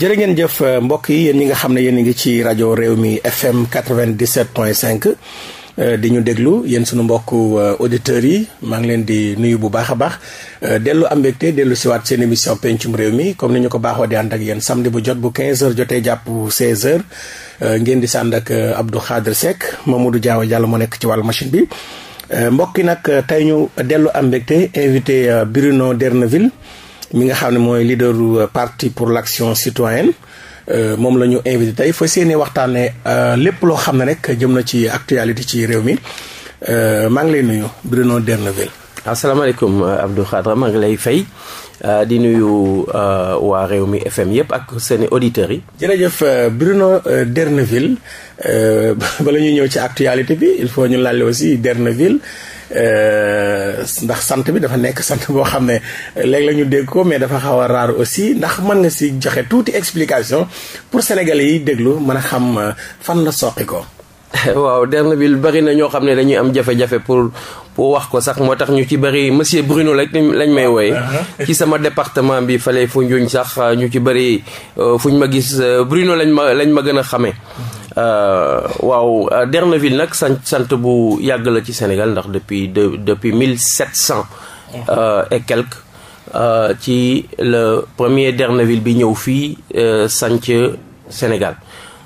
jërë ngeen jëf euh, mbokk yi yéen ñi nga xam ne yéen a ngi ci rajo réew mi FM 97.5 euh, di ñu déglu yéen sunu mbokk euh, auditeurs yi maa ngi leen di nuyu bu baax a baax dellu am mbégte dellu siwaat seen émission pencum réew mi comme ni ñu ko baaxoo di ànd ak yéen samedi bu jot bu 15h jotee jàpp 16h ngeen di sànd ak Abdou Khadre Seck Mamadou Diaw jàll moo nekk ci wàllu machine bi mbokk yi nag tey ñu dellu am mbégte invité Bruno D'erneville mi nga xam ne mooy leaderu euh, parti pour l'action citoyenne euh, moom la ñu invité tey fa seeni waxtaanee euh, lépp loo xam ne rek jëm na ci actualité ci réew mi maa ngi lay nuyu Bruno Derneville asalaamaaleykum Abdou Khadra maa ngi lay fay di nuyu waa réew mi FM yëpp ak seeni auditeurs yi. jërëjëf Bruno Derneville bala ñuy ñëw ci actualité bi il faut ñu laale aussi Derneville Euh, ndax sant bi dafa nekk sant boo xam ne léeg la ñu dégg ko mais dafa xaw a raar aussi ndax mën nga si joxe tuuti explication pour sénégal yi déglu mën a xam euh, fan la soqi ko waaw derne bi bëri na ñoo xam ne dañuy am jafe-jafe pour pour wax ko sax moo tax ñu ci bëri monsieur Bruno lañ lañ may wooye uh-huh. ci sama département bi fale fu njuñ sax ñu ci bëri euh, fu ñu ma gis Bruno lañ ma lañ ma gën a xamee uh-huh. Euh, waaw euh, Derneville nag sant sant bu yàgg la ci Sénégal ndax depuis de depuis mille sept cent euh, et quelques ci le premier Derneville bi ñëw fii sanc Sénégal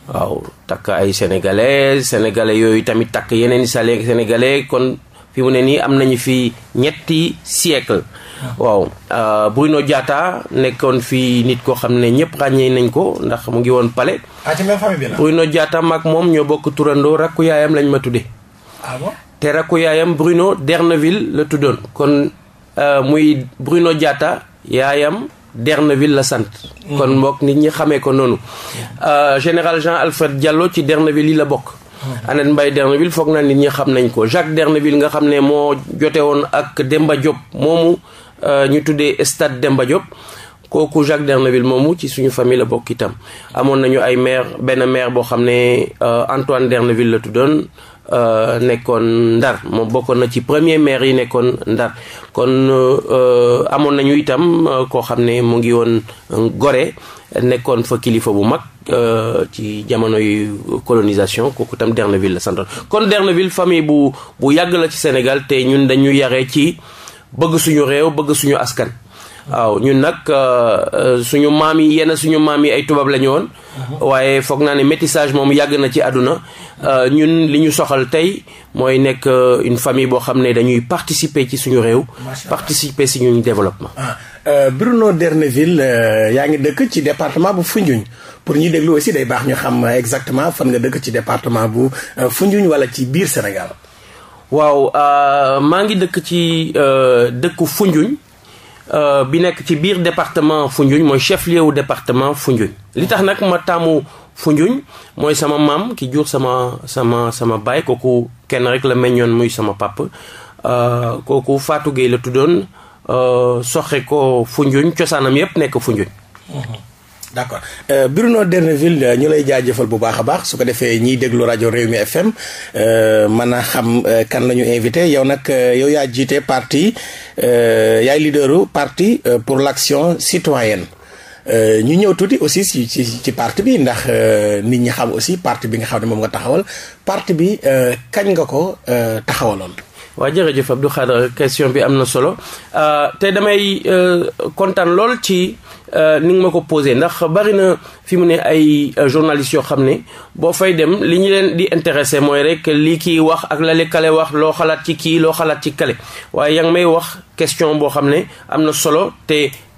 waaw takk ay sénégalais sénégalais yooyu tamit takk yeneen i sale sénégalais kon fi mu ne nii am nañu fi ñetti siècle waaw euh, Bruno Diatta nekkoon fii nit koo xam ne ñëpp ràññee nañ ko ndax mu ngi woon pale ah ci même famille bi Bruno Diatta maag moom ñoo bokk turandoo rakku yaayam lañ ma tuddee. ah bon te rakku yaayam Bruno Derneville la tuddoon kon euh, muy Bruno Diatta yaayam. Derneville la sant. Mm-hmm. kon mbokk nit ñi xamee ko noonu. Euh, général Jean Alfred Diallo ci Derneville yi la bokk. Mm-hmm. Annette Mbaye Derneville foog naa nit ñi xam nañ ko Jacques Derneville nga xam ne moo jote woon ak Demba Diop moomu Euh, ñu tuddee stade Demba Diop kooku Jacques Derneville moomu ci suñu famille la bokk itam amoon nañu ay maire benn maire boo xam ne euh, Antoine Derneville la tuddoon euh, nekkoon Ndar moom bokkoon na ci premier maire yi nekkoon Ndar kon amoon nañu itam koo xam ne mu ngi woon gore nekkoon fa kilifa bu mag ci jamonoy colonisation kooku itam Derneville la santoon kon Derneville famille bu bu yàgg la ci Sénégal te ñun dañu yaree ci bëgg suñu réew bëgg suñu askan. waaw ñun nag euh, euh, suñu maam yi yenn suñu maam yi ay tubaab la ñu woon. waaye foog naa ne métissage moom yàgg na ci àdduna. Euh, ñun li ñu soxal tey mooy nekk une famille boo xam ne dañuy participer ci suñu réew. participer si ñun développement. Ah, Bruno D'erneville yaa ngi dëkk ci département bu Foundiougne pour ñuy déglu aussi day baax ñu xam exactement fan nga dëkk ci département bu Foundiougne wala ci biir Sénégal. waaw euh, maa ngi dëkk ci euh, dëkku Foundiougne euh, bi nekk ci biir département Foundiougne mooy chef lieu wu département Foundiougne li tax nag ma taamu funjuñ mooy sama maam ki jur sama sama sama baay kooku kenn rek la meññoon muy sama pàpp kooku faatu Gueye la tuddoon soxe ko Foundiougne cosaanam yépp nekk funjuñ d' accord euh, Bruno Derneville euh, ñu lay jaajëfal bu baax a baax su ko defee ñiy déglu rajo Rewmi FM euh, mën a xam euh, kan la ñu invité yow nag yow yaa jiite parti yaay leaderu parti pour l' action citoyenne ñu ñëw tuuti aussi ci ci ci parti bi ndax nit ñi xam aussi parti bi nga xam ne moom nga taxawal parti bi kañ nga ko taxawaloon. waa jërëjëf Abdou Khadre question bi am na solo euh, te damay euh, kontaan lool ci euh, ni nga ma ko posé ndax bari na fi mu ne ay journalistes yoo xam ne boo fay dem li ñu leen di intéressé mooy rek lii kii wax ak la kale wax loo xalaat ci kii loo xalaat ci kale waaye yaa ngi may wax question boo xam ne am na solo te.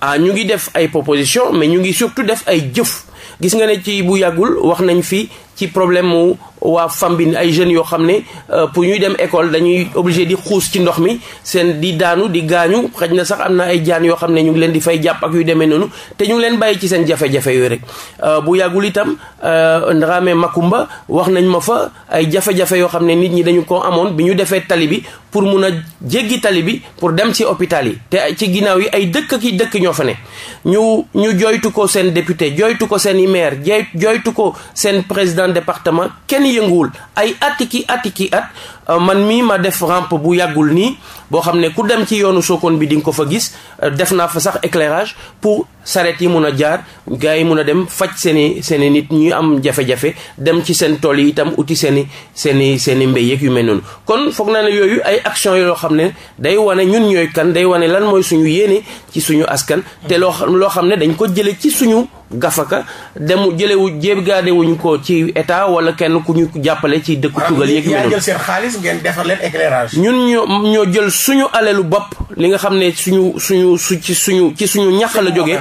ah ñu ngi def ay proposition mais ñu ngi surtout def ay jëf gis nga ne ci bu yàggul wax nañ fi ci problème mu waa Fambine ay jeunes yoo xam ne euh, pour ñuy dem école dañuy obligé di xuus ci ndox mi seen di daanu di gaañu xëj na sax am na ay jaan yoo xam ne ñu ngi leen di fay jàpp ak demee noonu te ñu leen bàyyi ci seen jafe-jafe yooyu rek euh, bu yàggul itam euh, Ndramé Makumba wax nañ ma fa ay jafe yoo xam ne nit ñi dañu ko amoon bi ñu defee tali bi pour mun a jéggi tali bi pour dem si hôpital yi te ci ginnaaw yi ay dëkk ki dëkk ñoo fa ne ñu ñu joytu ko seen député joytu ko seen maire joytu ko seen président département kenn yënguwul ay atti ki atti ki at Euh, man mii ma def rampe bu yàggul nii boo xam ne ku dem ci yoonu Sokone bi di nga ko fa gis euh, def naa fa sax éclairage pour saret yi mun a jaar gars yi mun a dem faj seeni seeni nit ñuy am jafe-jafe dem ci seen tool yi itam uti seeni seeni seeni mbéy yeeg yu mel noonu kon foog na ne yooyu ay action yoo xam ne day wane ñun ñooy kan day wane lan mooy suñu yéene ci suñu askan te loo loo xam ne dañ ko jële ci suñu gafaka demu jëlewu jéb gaadewuñu ko ci état wala kenn ku ñu jàppale ci dëkku tugal yeeg yu mel ngeen defar leen éclairage. ñun ñoo ñoo jël suñu aleelu bopp li nga xam ne suñu suñu su ci suñu ci suñu ñax la jógee.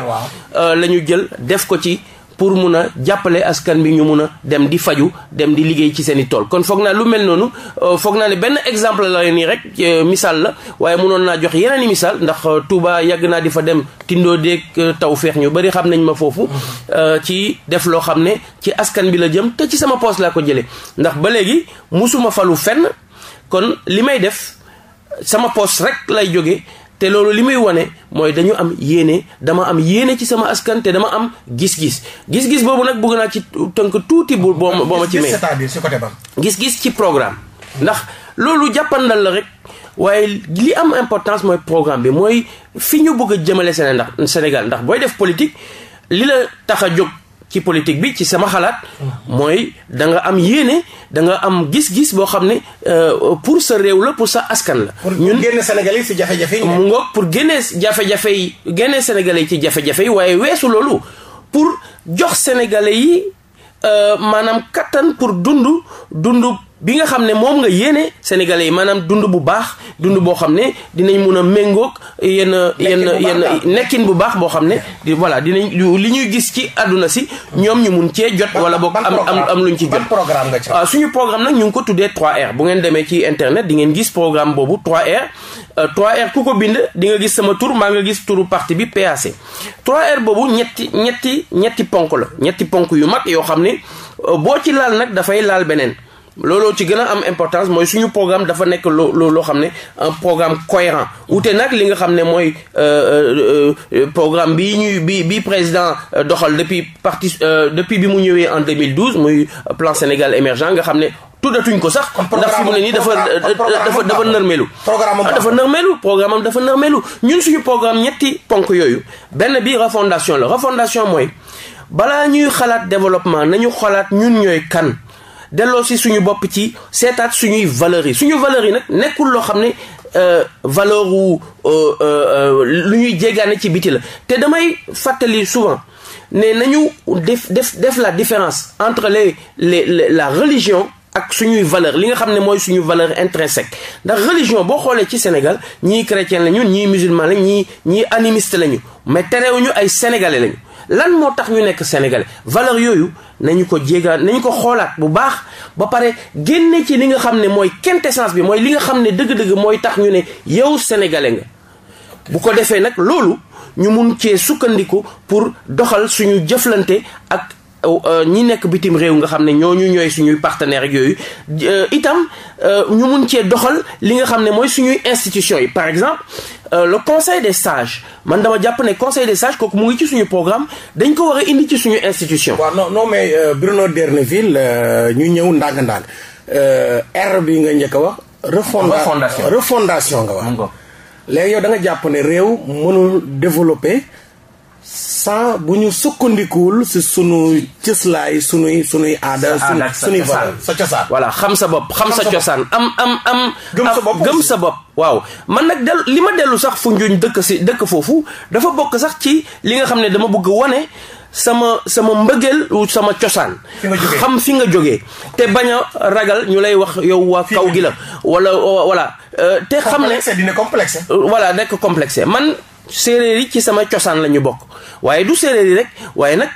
Euh, la ñu jël def ko ci pour mun a jàppale askan bi ñu mun a dem di faju dem di liggéey ci seen i tool kon foog naa lu mel noonu euh, foog naa ne benn exemple la nii rek euh, misaal la waaye munoon naa jox yeneen yi misaal ndax Touba yàgg naa di fa dem tindoo déeg taw feex ñu bari xam nañ ma foofu mhm. ci def loo xam ne ci askan bi la jëm te ci sama poos laa ko jëlee ndax ba léegi musuma falu fenn kon li may def sama poste rek lay jóge te loolu li muy wane mooy dañu am yéene dama am yéene ci sama askan te dama am gis-gis gis-gis boobu nag bëgg naa ci tënk tuuti bu boo ma ci may gis-gis ci programme ndax loolu jàppandal la rek waaye li am importance mooy programme bi mooy fi ñu bugg a jëmale Sénégal ndax Sénégal ndax booy def politique li la tax a jóg ci politique bi ci sama xalaat mooy da nga am yéene da nga am gis-gis boo xam ne euh, pour sa réew la pour sa askan la. ñun génne senegal ci jafe-jafe yi. pour génne jafe-jafe yi ci jafe-jafe yi waaye weesu loolu pour jox Sénégalais yi euh, maanaam kattan pour dund dund. bi nga xam ne moom nga yéene sénégale yi maanaam dund bu baax dund boo xam ne dinañ mun a méngoog yenn yenn yenn nekkin bu baax boo xam ne di voilà dinañ li ñuy gis ci àdduna si ñoom ñu mun cee jot wala boog am am lu luñ ci jot waaw ah, suñu programme nag ñu ngi ko tuddee 3R bu ngeen demee ci internet di ngeen gis programme boobu 3R 3R euh, ku ko bind di nga gis sama tur maa nga gis turu parti bi PAC 3R boobu ñetti ñetti ñetti ponk la ñetti ponk yu mag yoo xam ne euh, boo ci laal nag dafay laal beneen looloo ci gën a am importance mooy suñu programme dafa nekk loo loo loo xam ne un programme cohérent wute nag li nga xam ne mooy euh, euh, euh, programme bii ñuy bi bi président doxal depuis parti depuis bi mu ñëwee en 2012 muy plan Sénégal émergent nga xam ne tuddatuñ ko sax ndax fi mu ne nii dafa dafa dafa nërmeelu dafa nërmeelu programme am dafa nërmeelu ñun suñu programme ñetti ponk yooyu benn bi refondation la refondation mooy balaa ñuy xalaat développement nañu xalaat ñun ñooy kan delloo si suñu bopp ci seetaat suñuy valeurs yi suñu valeurs yi nag nekkul loo xam ne euh, valeur wu euh, euh, lu ñuy jéggaane ci biti la te damay fàttali souvent ne nañu def def def la différence entre les le la religion ak suñuy valeur li nga xam ne mooy suñu valeur intrinsèque ndax religion boo xoolee ci Sénégal ñii chrétien la ñu ñii musulman lañ ñii ñii animiste la ñu mais tereewuñu ay sénégalais lañu lan moo tax ñu nekk sénégalais valeur yooyu nañu ko jéegaat nañu ko xoolaat bu baax ba pare génne ci li nga xam ne mooy quintessence bi mooy li nga xam ne dëgg-dëgg mooy tax ñu ne yow sénégalais nga bu ko defee nag loolu ñu mun cee sukkandiku pour doxal suñu jëflante ak Euh, ñi nekk bitim réew nga xam ne ñu ñooy suñuy partenaires yooyu euh, itam euh, ñu mun cee doxal li nga xam ne mooy suñuy institutions yi par exemple le conseil des sages man dama jàpp ne conseil de sages kooku mu ngi ci suñu programme dañ ko war a indi ci suñu institution. waaw non non mais Bruno D'erneville ñu ñëw ndànk-ndànk erreur bi nga njëkk a wax. refondation refondation nga wax. léegi yow da nga jàpp ne réew mënul développer. sans bu ñu sukkandikuwul si sunu cëslaay sunuy sunuy aada. aada sunuy sa cosaan voilà xam sa bopp xam sa cosaan am am am. gëm sa bopp gëm sa bopp. waaw man nag del li ma dellu sax fu njuñ dëkk si dëkk foofu dafa bokk sax ci li nga xam ne dama bëgg wane. sama sama mbëggeel sama cosaan xam fi nga jógee te bañ a ragal ñu lay wax yow waa kaw gi la wala wala euh, te xam ne dina complexe euh, voilà nekk complexe man séeréer yi ci sama cosaan la ñu bokk waaye du séeréer yi rek waaye nag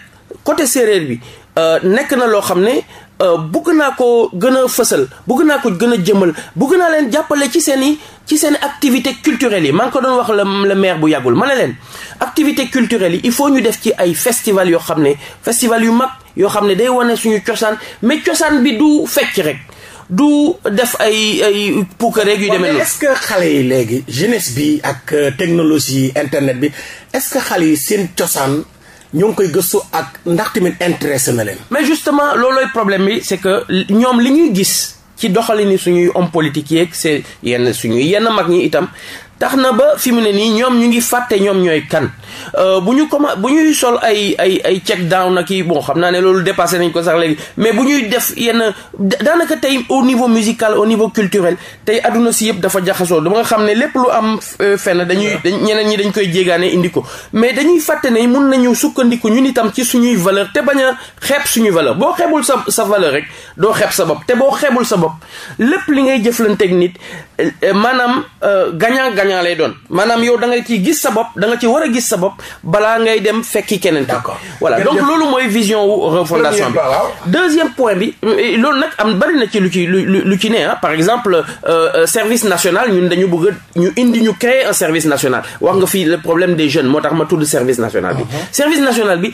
côté séeréer bi euh, nekk na loo xam ne euh, bëgg naa ko gën a fësal bugg naa ko gën a jëmal bugg naa leen jàppale ci seen i ci seen activité culturelle yi man ngi ko doon wax la le maire bu yàggul ma ne leen activité culturelle yi il faut ñu def ci ay festival yoo xam ne festival yu mag yoo xam ne day wane suñu cosaan mais cosaan bi du fecc rek du def ay ay puukareeg yu demee est-ce que xale yi léegi jeunesse bi ak euh, technologie internet bi est-ce que xale yi seen cosaan ñoo ngi koy gëstu ak ndax tamit intéressé na leen. mais justement loolooy problème bi c'est que ñoom li ñuy gis ci doxalin ni suñuy homme politique yeeg c'est yenn suñuy yenn mag ñi itam tax na ba fi mu ne nii ñoom ñu ngi fàtte ñoom ñooy kan euh, bu ñu commencé bu ñuy sol ay ay ay check down ak yi bon xam naa ne loolu dépassé nañ ko sax léegi mais bu ñuy def yenn daanaka tey au niveau musical au niveau culturel tey adduna yëpp dafa jaxasoo dama xam ne lépp lu am euh, fenn dañuy ñeneen ñi dañ koy jéegaane indi ko mais dañuy fàtte ne mun nañu sukkandiku ñun itam ci suñuy valeur te bañ a xeeb suñu valeur boo xeebul sa sa valeur rek doo xeeb sa bopp te boo xeebul sa bopp lépp li ngay jëflanteeg nit Eh, maanaam euh, gagnant gagnant lay doon maanaam yow da nga ciy gis sa bopp da nga ci war a gis sa bopp balaa ngay dem fekki keneen ki voilà donc loolu mooy vision wu refondation bi deuxième point bi eh, loolu nag am bari na ci lu ci lu lu ci ne ah. par exemple euh, euh, service national ñun dañu bëgg ñu indi ñu créer un service national wax nga fi le problème des jeunes moo tax ma tudd service national bi uh-huh. service national bi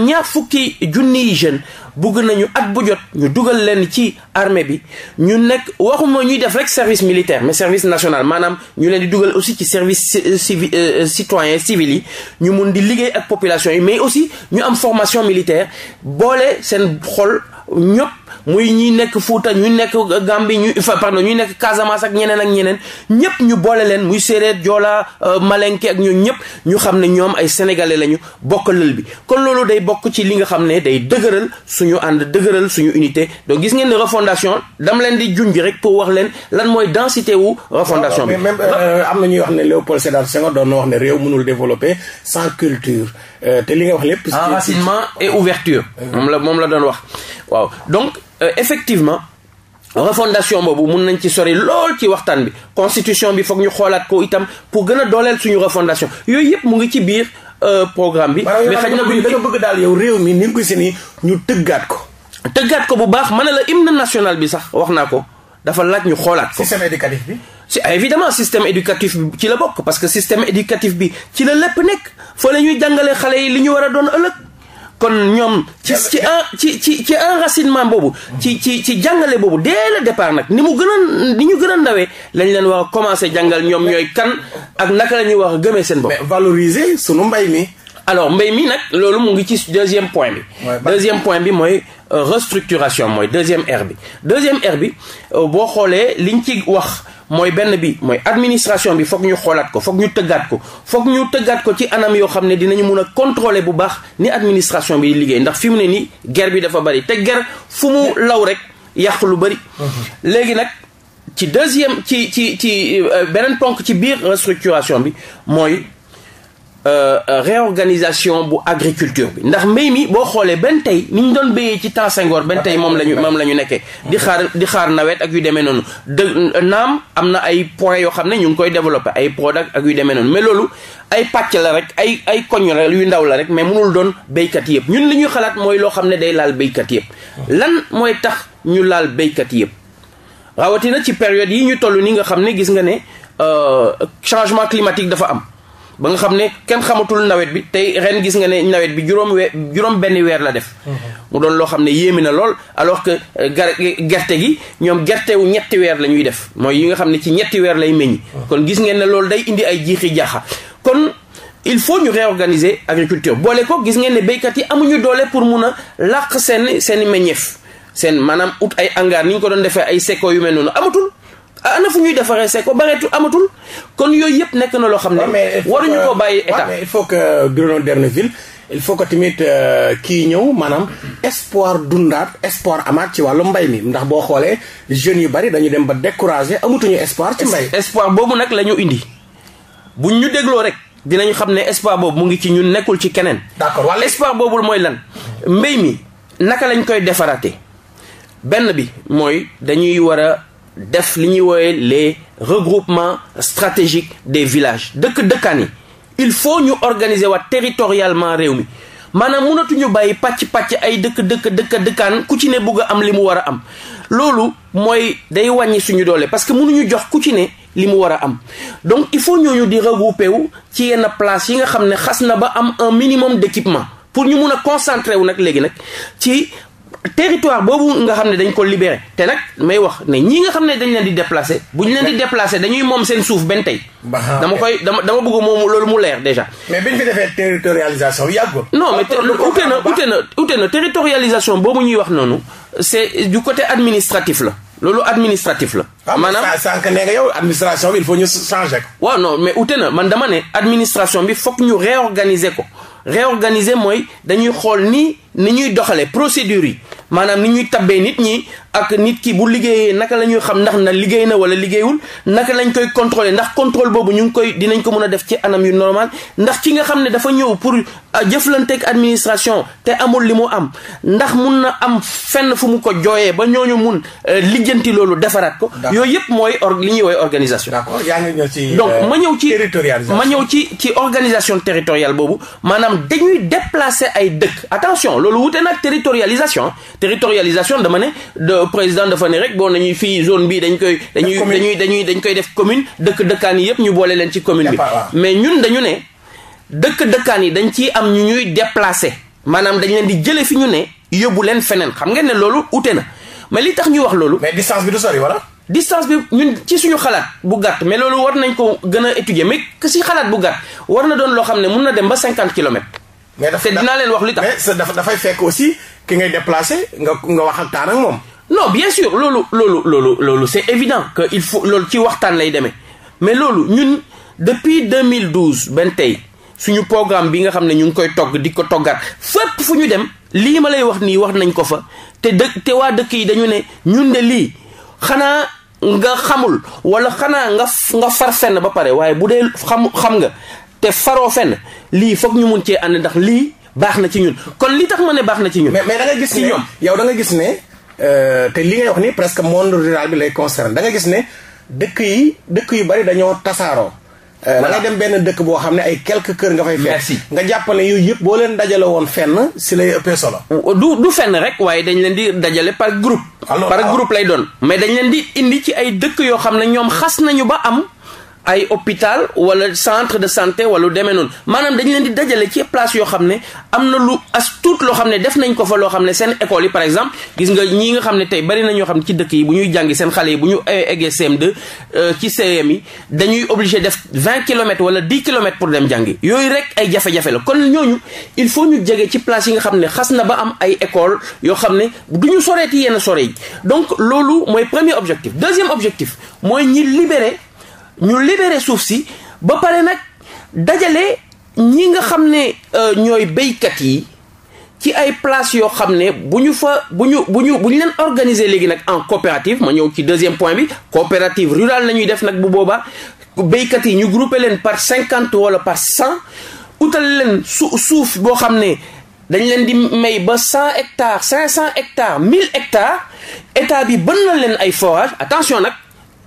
ñaar fukki junniy jeunes bugg nañu at bu jot ñu dugal leen ci armée bi ñu nekk waxuma ñuy def rek service militaire mais service national maanaam ñu leen di dugal aussi ci service euh, civi euh, citoyen civil yi ñu mun di liggéey ak population yi mais aussi ñu am formation militaire boole seen xol ñëpp. muy ñuy nekk Fuuta ñu nekk Gambie ñu pardon ñu nekk Casamance ak ñeneen ak ñeneen ñëpp ñu boole leen muy séeréer joola euh, malenke ak ñoom ñëpp ñu xam ne ñoom ay sénégalais lañu bokk lël bi kon loolu day bokk ci li nga xam ne day dëgëral suñu ànd dëgëral suñu unité donc gis ngeen ne refondation dama leen di junj rek pour wax leen lan mooy densité wu refondation bi même euh, am na ñuy wax ne Léopold Sédar Senghor doon na wax ne réew mënul développer sans culture euh, te li nga wax lépp enracinement et ouverture moom la moom la doon wax waaw Euh, effectivement refondation boobu mun nañ ci sori lool ci waxtaan bi constitution bi foog ñu xoolaat ko itam pour gën a dooleel suñu refondation yooyu yëpp mu ngi ci biir euh, programme bi. mais na bu ñu da bëgg daal yow réew mi ni ko si ñu tëggaat ko. tëggaat ko bu baax ma ne la hymne national bi sax wax naa ko dafa laaj ñu xoolaat ko. système éducatif bi. si évidemment système éducatif bi ci la bokk parce que système éducatif bi ci la lépp nekk fa la ñuy jàngalee xale yi li ñu war a doon ëllëg. kon ñoom ci ci en ci ci ci enracinement boobu ci ci ci jàngale boobu dès le départ nag ni mu gën a ni ñu gën a ndawee lañ leen wax a commencé jàngal ñoom ñooy kan ak naka la ñuy war a gëmee seen bopp. mais valoriser sunu mbay mi. alors mbay mi nag loolu mu ngi ci deuxième point bi. deuxième point bi mooy euh, restructuration mooy deuxième R bi. deuxième R bi euh, boo xoolee liñ ci wax. mooy benn bi mooy administration bi foog ñu xoolaat ko foog ñu tëggaat ko foog ñu tëggaat ko ci anam yoo xam ne dinañu mun a contrôler bu baax ni administration bi liggéey ndax fi mu ne nii guerre bi dafa bari te guerre fu mu law rek yàq lu bari. Mhm. léegi nag ci deuxième ci ci ci euh, beneen ponk ci biir restructuration bi mooy Euh, euh, réorganisation bu agriculture bi ndax mbéy mi boo xoolee benn tey ni ñu doon béyee ci temps Senghor benn tey moom lañu moom la ñu nekkee di xaar di xaar nawet ak yu demee noonu dë naam am na ay points yoo xam ne ñu ngi koy développé ay produits ak yu demee noonu mais loolu ay pàcc la rek ay ay koñ la yu ndaw la rek mais mënul doon béykat yëpp ñun li ñuy xalaat mooy loo xam ne day laal béykat yëpp lan mooy tax ñu laal béykat yëpp rawatina ci période yi ñu toll ni nga xam ne gis nga ne euh, changement climatique dafa am ba nga xam ne kenn xamatul nawet bi tey ren gis nga ne nawet bi juróom we juróom benn weer la def mhm. mu doon loo xam ne yéemi na lool alors que euh, gar gerte gi ñoom gertewu ñetti weer la ñuy def mooy yi nga xam ne ci ñetti weer lay meññ mhm. kon gis ngeen ne loolu day indi ay jiixi jaaxa kon il faut ñu réorganiser agriculture boole ko gis ngeen ne béykat yi amuñu doole pour mun a làq seen seen meññeef seen maanaam ut ay angaar ni ñu ko doon defee ay seko yu mel noonu amatul ana fu ñuy defaree c'est ko bareetul amatul kon yooyu yëpp nekk na loo xam ne. waruñu ko bàyyi état mais faut que Bruno D'erneville il faut que tamit euh, kii ñëw maanaam espoir dundaat espoir amat ci wàllu mbay mi ndax boo xoolee jeunes yu bari dañu dem ba découragé amatuñu espoir ci mbay. espoir boobu nag la ñu indi buñ ñu dégloo rek dinañu xam ne espoir boobu mu ngi ci ñun nekkul ci keneen. d'accord wala espoir boobu mooy lan mbay mi naka lañ koy defaraate benn bi mooy dañuy war a def li ñuy woowe les regroupements stratégiques des villages dëkk dëkkaani il faut ñu organiser waat territorialement réew mi maanaam mënatuñu bàyyi pàcc-pàcc ay dëkk dëkk dëkk dëkkaan ku ci ne bëgg am li mu war a am loolu mooy day wàññi suñu doole parce que mënuñu jox ku ci ne li mu war a am donc il faut ñooñu di regrouper wu ci yenn place yi nga xam ne xas na ba am un minimum d'équipement pour ñu mun a concentrer wu nag léegi nag ci territoire boobu nga xam ne dañ ko libere te nag may wax ne ñii nga xam ne dañ leen di déplacé bu ñu leen di déplacé dañuy moom seen suuf benn tey dama koy dama dama bëgg moom loolu mu leer déjà mais biñ fi defee territorialisation yàggul non mais ute na ute na na territorialisation boobu ñuy wax noonu c'est du côté administratif la loolu administratif la. Ah, maanaam sànq ne nga yow administration bi il faut ñu changer ko. waaw non mais ute na man dama ne administration bi foog ñu réorganiser ko réorganiser mooy dañuy xool ni ni ñuy doxalee procédures yi maanaam ni ñuy tabbee nit ñi ak nit ki bu liggéeyee naka la ñuy xam ndax na liggéey na wala liggéeyul naka lañ koy contrôler ndax contrôle boobu ñu ngi koy dinañ ko mën a def ci anam yu normal ndax ci nga xam ne dafa ñëw pour a euh, jëflanteeg administration te amul li mu am ndax mun na am fenn fu mu ko jooyee ba ñooñu mun euh, lijjanti loolu defaraat ko. yooyu yëpp mooy or li ñuy woowee organisation. d'accord yaa ngi ñëw ci. Euh, donc ma ñëw ci ma ñëw ci ci organisation territoriale boobu maanaam dañuy déplacer ay dëkk attention loolu wute nag territorialisation territorialisation dama ne. président dafa ne rek boo nañuy fii zone bi dañ koy dañuy dañuy dañuy dañ koy def commune dëkk dëkkaan yi yëpp ñu boole leen ci commune bi mais ñun dañu ne dëkk dëkkaan yi dañ ciy am ñu ñuy déplacé maanaam dañ leen di jële fi ñu ne yóbbu leen feneen xam ngeen ne loolu ute na mais li tax ñu wax loolu mais distance bi du sori wala distance bi ñun ci suñu xalaat bu gàtt mais loolu war nañ ko gën a étudier mais que si xalaat bu gàtt war na doon loo xam ne mun na dem ba cinquante kilomètres te dinaa leen wax li tax dafay fekk aussi ki ngay déplacé nga nga waxtaan ak moom non bien sûr loolu loolu loolu loolu évident que il faut loolu ci waxtaan lay demee mais loolu ñun depuis 2012 benn tey suñu programme bi nga xam ne ñu ngi koy togg di ko toggaat fépp fu ñu dem lii ma lay wax nii wax nañ ko fa te dëkk te waa dëkk yi dañu ne ñun de lii xanaa nga xamul wala xanaa nga nga far fenn ba pare waaye bu dee xam xam nga te faroo fenn lii foog ñu mun cee ànd ndax lii baax na ci ñun kon li tax ma ne baax na ci ñun. mais mais da gis ne ci ñoom yow da nga gis ne. Euh, te li ngay wax ni presque monde rural bi lay concerne da gis ne dëkk yi dëkk yu bari dañoo tasaaroo. Euh, da dem benn dëkk boo xam ne ay quelques kër nga fay fekk nga jàpp ne yooyu yëpp boo leen dajale woon fenn si lay ëppee solo du du fenn rek waaye dañ leen di dajale par groupe par group lay doon mais dañ leen di indi ci ay dëkk yoo xam ne ñoom xas nañu ba am ay hôpital wala centre de santé wala lu demee noonu maanaam dañu leen di dajale ci place yoo xam ne am na lu as tuut loo xam ne def nañ ko fa loo xam ne seen école yi exemple gis nga ñii nga xam ne tey bari na xam ne ci dëkk yi bu ñuy jàngi seen xale yi bu ñu eggee euh, ci CM yi dañuy obligé def vingt kilomètres wala dix kilomètres pour dem jàngi yooyu rek ay jafe-jafe la kon ñooñu il faut ñu jege ci place yi nga xam ne xas na ba am ay école yoo xam ne du ñu soreeti yenn sore yi donc loolu mooy premier objectif deuxième objectif mooy ñi libérer ñu libéré suuf si ba pare nag dajale ñi nga xam ne euh, ñooy béykat yi ci ay place yoo xam ne bu ñu fa bu ñu bu ñu bu ñu leen organiser léegi nag en coopérative ma ñëw ci deuxième point bi coopérative rurale la ñuy def nag bu boobaa béykat yi ñu groupé leen par cinquante wala par cent utal leen su suuf boo xam ne dañ leen di may ba cent hectares cinq cent hectares mille hectares état bi bën na leen ay forage attention nag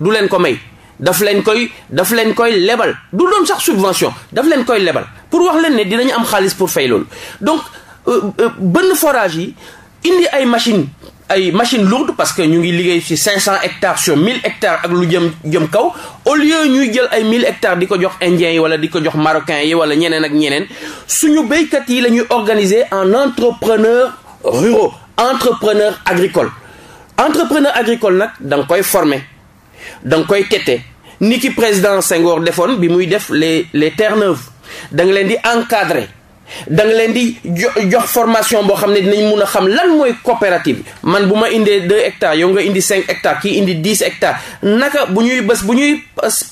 du leen ko may daf leen koy daf leen koy lebal du doon sax subvention daf leen koy lebal pour wax leen ne dinañu am xaalis pour fay loolu donc euh, euh, bënn forage yi indi ay machine ay machine lourde parce que ñu ngi liggéey si cinq 500 hectares sur 1000 hectares ak lu jëm jëm kaw au lieu ñuy jël ay mille hectares di ko jox indiens yi wala di ko jox marocains yi wala ñeneen ak ñeneen suñu baykat yi la ñuy organiser en entrepreneurs ruraux entrepreneurs agricoles entrepreneur agricole nag da nga koy former da koy tete ni ki président Senghor defoon bi muy def les les terres neuves da nga leen di encadrer da nga leen di jo jox formation boo xam ne dinañ mun a xam lan mooy coopérative man bu ma indee deux hectares yow nga indi cinq hectares kii indi dix hectares naka bu ñuy bés bu ñuy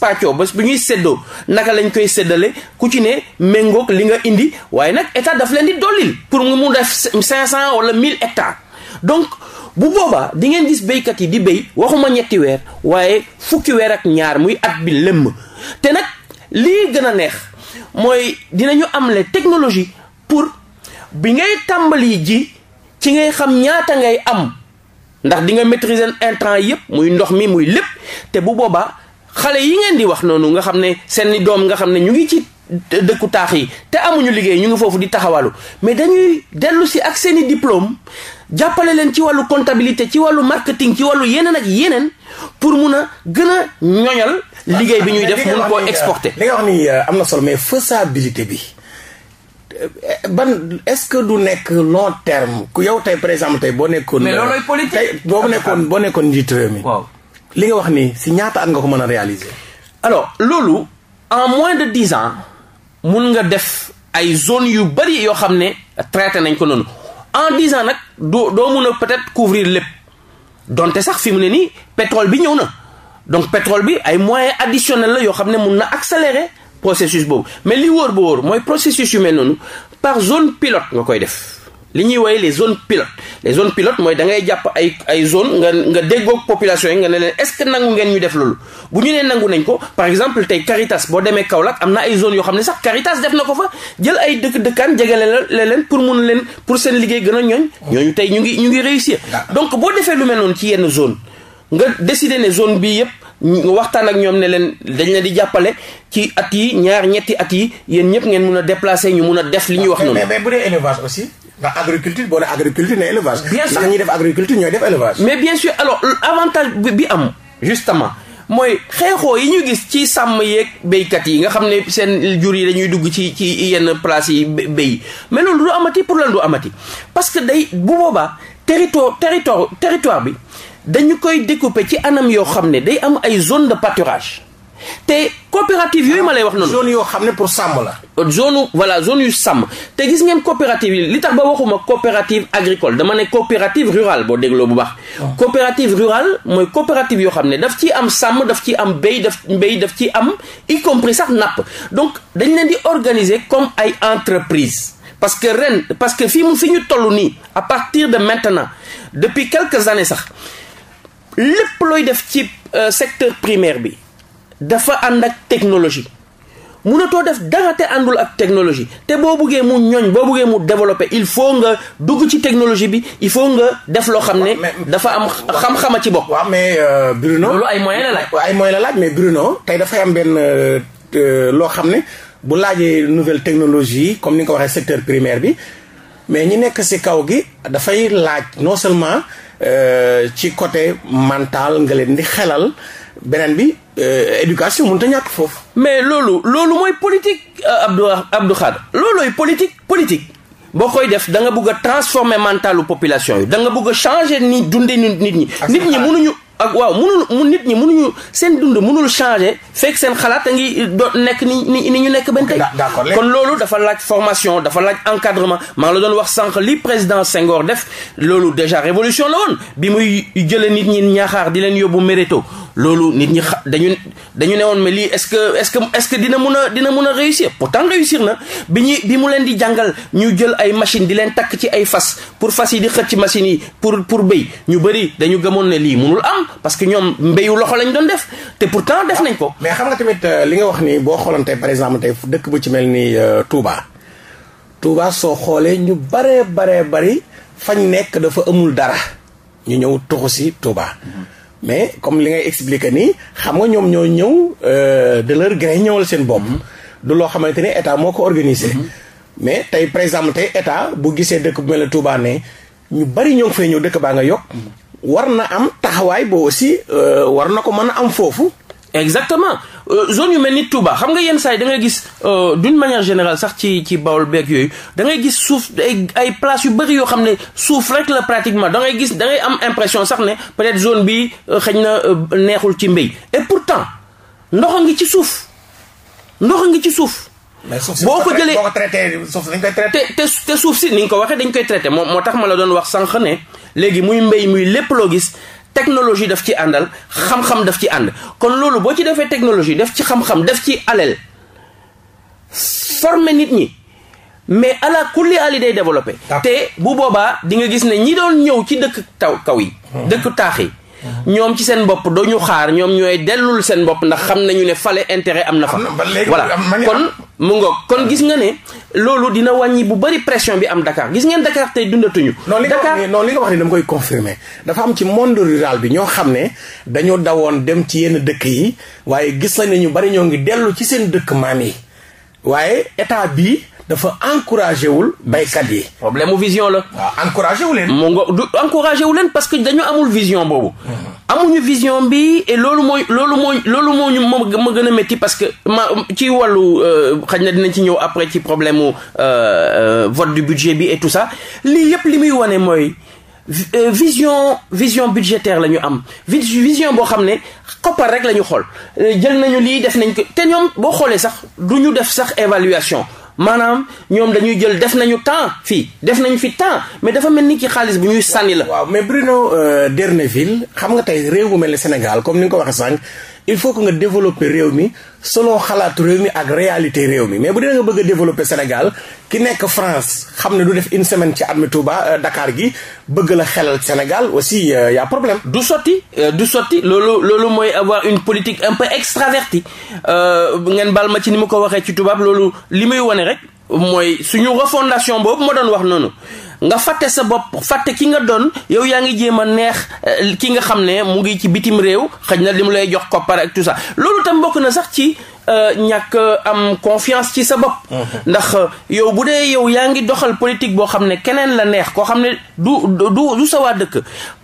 pàccoo bés bu ñuy séddoo naka lañ koy séddale ku ci ne méngoog li nga indi waaye nag état daf leen di dollil pour mu def cinq cent wala mille hectares donc bu boobaa di ngeen gis béykat yi di béy waxuma ñetti weer waaye fukki weer ak ñaar muy at bi lëmm te nag lii gën a neex mooy dinañu am les technologies pour bi ngay tàmbali ji ci ngay xam ñaata ngay am ndax di nga maîtriser intrants yëpp muy ndox mi muy lépp te bu boobaa xale yi ngeen di wax noonu nga xam ne seeni doom nga xam ne ñu ngi ci dëkku taax yi te amuñu liggéey ñu ngi foofu di taxawalu mais dañuy dellu si ak seeni diplôme jàppale leen ci wàllu comptabilité ci wàllu marketing ci wàllu yeneen ak yeneen pour mun a gën a ñoñal liggéey bi ñuy def mun koo exporter li nga wax ni euh, am na solo mais faisabilité bi euh, ban est-ce que du nekk long terme ku yow tey par exemple tey boo nekkoon mais looloy euh, politique boo nekkoon boo nekkoon njiit réew mi li nga wax ni si ñaata at nga ko mën a réaliser alors loolu en moins de dix ans mun nga def ay zone yu bari yoo xam ne traité nañ ko noonu en dix ans nag doo doo mun a peut-être couvrir lépp donte sax fi mu ne nii pétrole bi ñëw na donc pétrole bi ay moyens additionnels la yoo xam ne mun na accélérer processus boobu mais li wóor ba wóor mooy processus yu mel noonu par zone pilote nga koy def. li ñuy woy les zones pilotes les zones pilotes mooy da ngay jàpp ay ay zone nga nga déggoog population yi nga ne leen est-ce que nangu ngeen ñu def loolu bu ñu nee nangu nañ ko par exemple tey Caritas boo demee Kaolack am na ay zones yoo xam ne sax Caritas def na ko fa jël ay dëkk dëkkaan jegele la leen pour mun leen pour seen liggéey gën a ñooñ ñooñu tey ñu ngi ñu ngi réussir donc boo defee lu meen noonu ci yenn zone nga décider ne zone bii yëpp nga waxtaan ak ñoom ne leen dañ leen di jàppale ci at yi ñaar ñetti at yi yéen ñëpp ngeen mun a déplacer ñu mun a def li ñuy wax noonu mais bu dee élevage aussi ndax agriculture boo nee agriculture ne élevage. bien sûr ndax ñiy def agriculture ñooy def élevage. mais bien sûr alors avantage bi am. justement mooy xeexoo yi ñu gis ci sàmm yeeg béykat yi nga xam ne seen jur yi dañuy dugg ci ci yenn place yi béy mais loolu du amati pour lan du amati parce que day bu boobaa territoire territoire territoire bi dañu koy découper ci anam yoo xam ne day am ay zone de pâturage te coopérative yooyu ma lay wax noonu. zone yoo xam ne pour sàmm la. zone voilà zone yu sàmm te gis ngeen coopérative yi li tax ba waxuma coopérative agricole dama ne coopérative rural boo dégloo bu baax. coopérative rural mooy coopérative yoo xam ne dafa ciy am sàmm daf ciy am bay daf mbéy daf ciy am y compris sax napp donc dañu leen di organiser comme ay entreprise parce que ren parce que fii mu fi ñu toll nii à partir de maintenant depuis quelques années sax lépp looy def ci euh, secteur primaire bi dafa ànd ak technologie. mënatoo def dara te àndul ak technologie te boo buggee mu ñoñ boo buggee mu développer il faut nga dugg ci technologie bi il faut nga def loo xam ne. dafa am xam-xama ci bopp. waaw mais euh, Bruno. loolu ay moyen la laaj. ay moyens la laaj mais Bruno tey dafay am benn euh, euh, loo xam ne bu laajee nouvelle technologie comme ni nga ko waxee secteur primaire bi mais ñi nekk ci kaw gi dafay laaj non seulement ci côté mantal nga leen di xelal. beneen bi euh, éducation mënut a ñàkk foofu. mais loolu loolu mooy politique euh, Abdou Abdou Khadre loolooy politique politique. boo koy def da nga bëgg a transformer mentalu population yi da nga bëgg a changer ni dundee nit ñi. nit ñi mënuñu ak waaw mënuñu nit ñi mënuñu seen dund mënul changer fekk seen xalaat a ngi euh, do nekk ni ni ñu nekk benn tey. kon loolu dafa laaj formation dafa laaj encadrement maa la doon wax sànq li président Senghor def loolu déjà révolution la woon bi muy jëlee nit ñi ñaaxaar di leen yóbbu Méréto. loolu nit ñi xa dañu dañu ne woon mais lii est-ce que est-ce que est-ce que dina mun a mun a réussir pourtant réussir na bi ñuy bi mu leen di jàngal ñu jël ay machine di leen takk ci ay fas pour fas yi di xëcc ci machines yi pour pour béy ñu bëri dañu gëmoon ne lii munul am parce que ñoom mbéyu loxo lañ doon def te pourtant def nañ ko. mais xam nga tamit euh, li nga wax ni boo xooloon tey par exemple tey dëkk bu ci mel ni euh, Touba Touba soo xoolee ñu baree baree bari fañ nekk dafa amul dara ñu ñëw tuxu si Touba. Mhm. mais comme li ngay explique nii xam nga ñoom ñoo ñëw euh, de leur gré ñëwal seen bopp. Mm-hmm. du loo xamante ne état moo ko organisé. Mm-hmm. mais tey par exemple tey état bu gisee dëkk bu mel ne Touba ne ñu bari ñoo ngi fay ñëw dëkk baa nga yokk. Mm-hmm. war na am taxawaay boo aussi euh, war na ko mën a am foofu. exactement. Euh, zone yu mel ni Touba xam nga yenn saa yi da ngay gis euh, d'une manière général sax ci ci Bawol beeg yooyu da ngay gis suuf ay ay place yu bëri yoo xam ne suuf rek la pratiquement da ngay gis da ngay am impression sax ne peut-être zone bi euh, xëñ na neexul ci mbéy et pourtant ndox a ngi ci suuf ndox a ngi ci suuf. boo ko jëlee te te suuf si ni nga ko waxee dañ koy traité moom moo tax ma la doon wax sànq ne léegi muy mbéy muy lépp loo gis. technologie def ci àndal xam-xam daf ci ànd kon loolu boo ci defee technologie def ci xam-xam daf ci alal former nit ñi mais ala kulli ali day développé. te bu boobaa di nga gis ne ñi doon ñëw ci dëkk taw kaw yi. Hmm. dëkk taax yi. ñoom ci seen bopp dañu xaar ñoom ñooy dellul seen bopp ndax xam nañu ne fale intérêt am na fa voilà kon mu ngoog kon gis nga ne loolu dina wàññi bu bëri pression bi am Dakar gis ngeen Dakar tey dundatuñu Dakar non li nga wax ni dama koy confirmer dafa am ci monde rural bi ñoo xam ne dañoo dawoon dem ci yenn dëkk yi waaye gis nañ ne ñu bari ñoo ngi dellu ci seen dëkk maam yi waaye état bi dafa encouragé wul baykat yi. problème mu vision la. waaw wu leen. mu du encouragé wu leen parce que dañu amul vision boobu. Mhm. amuñu vision bi loolu mooy loolu mooy loolu moo ñu ma gën a métti parce que ma ci wàllu euh, xaj na dinañ ci ñëw après ci problème mu euh, euh, vote du budget bi et tout sax lii yëpp li muy wane mooy. vision vision budgétaire la ñu am vision boo xam ne koppar rek la ñu xool jël nañu lii def nañ ko te ñoom boo xoolee sax du ñu def sax évaluation maanaam ñoom dañuy jël def nañu temps fii def nañu fi temps mais dafa mel ni ki xaalis bu ñuy sànni la. waaw mais Bruno euh, Derneville xam nga tey réew bu mel ni Sénégal comme ni nga ko waxee sànq il faut que nga développer réew mi solo xalaatu réew mi ak réalité réew mi mais bu dee nga bëgg a Sénégal ki nekk France xam ne du def une semaine ci armée Touba euh, Dakar gi bëgg la xelal Sénégal aussi euh, y problème. du sotti euh, du sotti loolu loolu mooy avoir une politique un peu extravertie ngeen baal ma ci ni ma ko waxee ci tubaab loolu li muy wane rek. mooy suñu refondation boobu ma doon wax noonu nga fàtte sa bopp fàtte ki nga doon yow yaa ngi jéem a neex eh, ki nga xam ne mu ngi ci bitim réew xëj na li mu lay jox koppar ak tout ça loolu tam bokk na sax ci euh, ñàkk am confiance ci sa bopp. Mm-hmm. ndax euh, yow bu dee yow yaa ngi doxal politique boo xam ne keneen la neex koo xam ne du du sa waa dëkk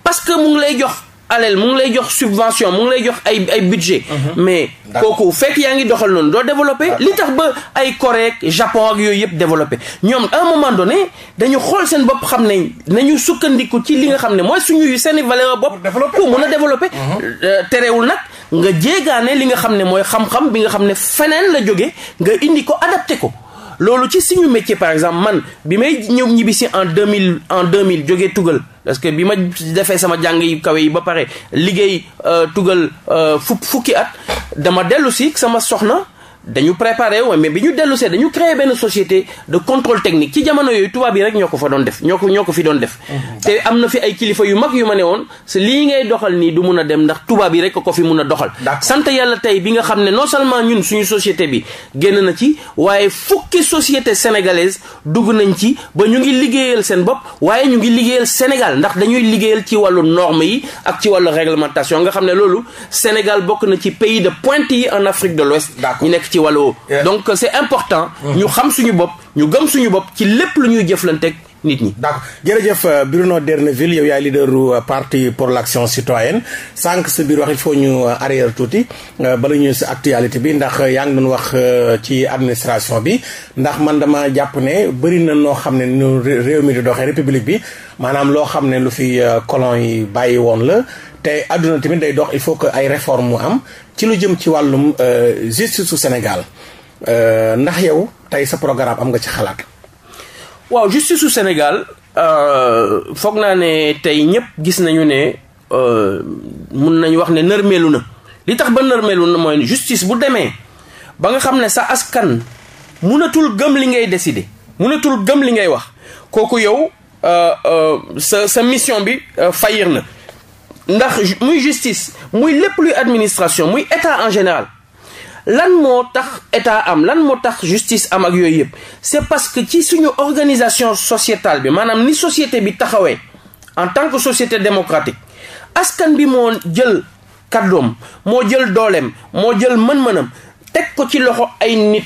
parce que mu ngi lay jox. alal mu ngi lay jox subvention mu ngi lay jox ay ay budget mhm. mais kooku fekk yaa ngi doxal noonu doo développé li tax ba ay Corée Japon ak yooyu yëpp développé ñoom à donné dañu xool seen bopp xam ne nañu sukkandiku ci li nga xam ne mooy suñuy seeni valeur bopp pour mën a développé mhm. euh, terewul nag nga jéegaane li nga xam ne mooy xam-xam bi nga xam ne feneen la jóge nga indi ko adapté ko loolu ci suñu métier par exemple man bi may ñëw ñibbisi en 2000 en 2000 jógee tugal parce que bi ma defee sama jàng yi kawe yi ba pare liggéey euh, tugal euh, fukki at dama dellu si sama soxna dañu préparer wu mais bi ñu dellu see dañu créé benn société de contrôle technique ci jamono yooyu tubaab yi rek ñoo ko fa doon def ñoo ko ñoo fi doon def. Mhm. te am na fi ay kilifa yu mag yu ma ne woon si lii ngay doxal nii du mun a dem ndax tubaab yi rek ko fi mun a doxal. sant yàlla tey bi nga xam ne non seulement ñun suñu société bi génn na ci waaye fukki société sénégalaise dugg nañ ci ba ñu ngi liggéeyal seen bopp waaye ñu ngi liggéeyal Sénégal ndax dañuy liggéeyal ci wàllu normes yi ak ci wàllu réglementation nga xam ne loolu Sénégal bokk na ci pays pointe yi en Afrique de l'Ouest ñu nekk ci wàllu. donc c'est important. ñu xam suñu bopp ñu gëm suñu bopp ci lépp lu ñuy jëflanteeg nit ñi. d'accord jërëjëf euh, Bruno D'erneville yow yaay leaderu euh, parti pour l'action citoyenne sànq sa biir wax il faut ñu euh, arrière tuuti bala ñu si actualité bi ndax yaa ngi doon wax ci administration bi ndax man dama jàpp ne bëri na noo xam ne nu réew mi di doxee république bi maanaam loo xam ne lu fi colon yi bàyyi woon la te adduna tamit day dox il faut que ay réformes mu am. ci lu jëm ci wàllum euh, justice su Sénégal euh, ndax yow tey sa programme am nga ci xalaat. waaw justice su Sénégal euh, foog naa ne tey ñëpp gis nañu ne mun nañu wax ne nërmeelu na li tax ba nërmeelu na mooy justice bu demee ba nga xam ne sa askan munatul gëm li ngay décider munatul gëm li ngay wax kooku yow sa sa mission bi fayir na. ndax muy justice muy lépp luy administration muy état en général lan moo tax état am lan moo tax justice am ak yooyu yëpp c'est parce que ci suñu organisation sociétale bi maanaam ni société bi taxawee en tant que société démocratique askan bi moo jël kàddoom moo jël dooleem moo jël mën-mënam teg ko ci loxo ay nit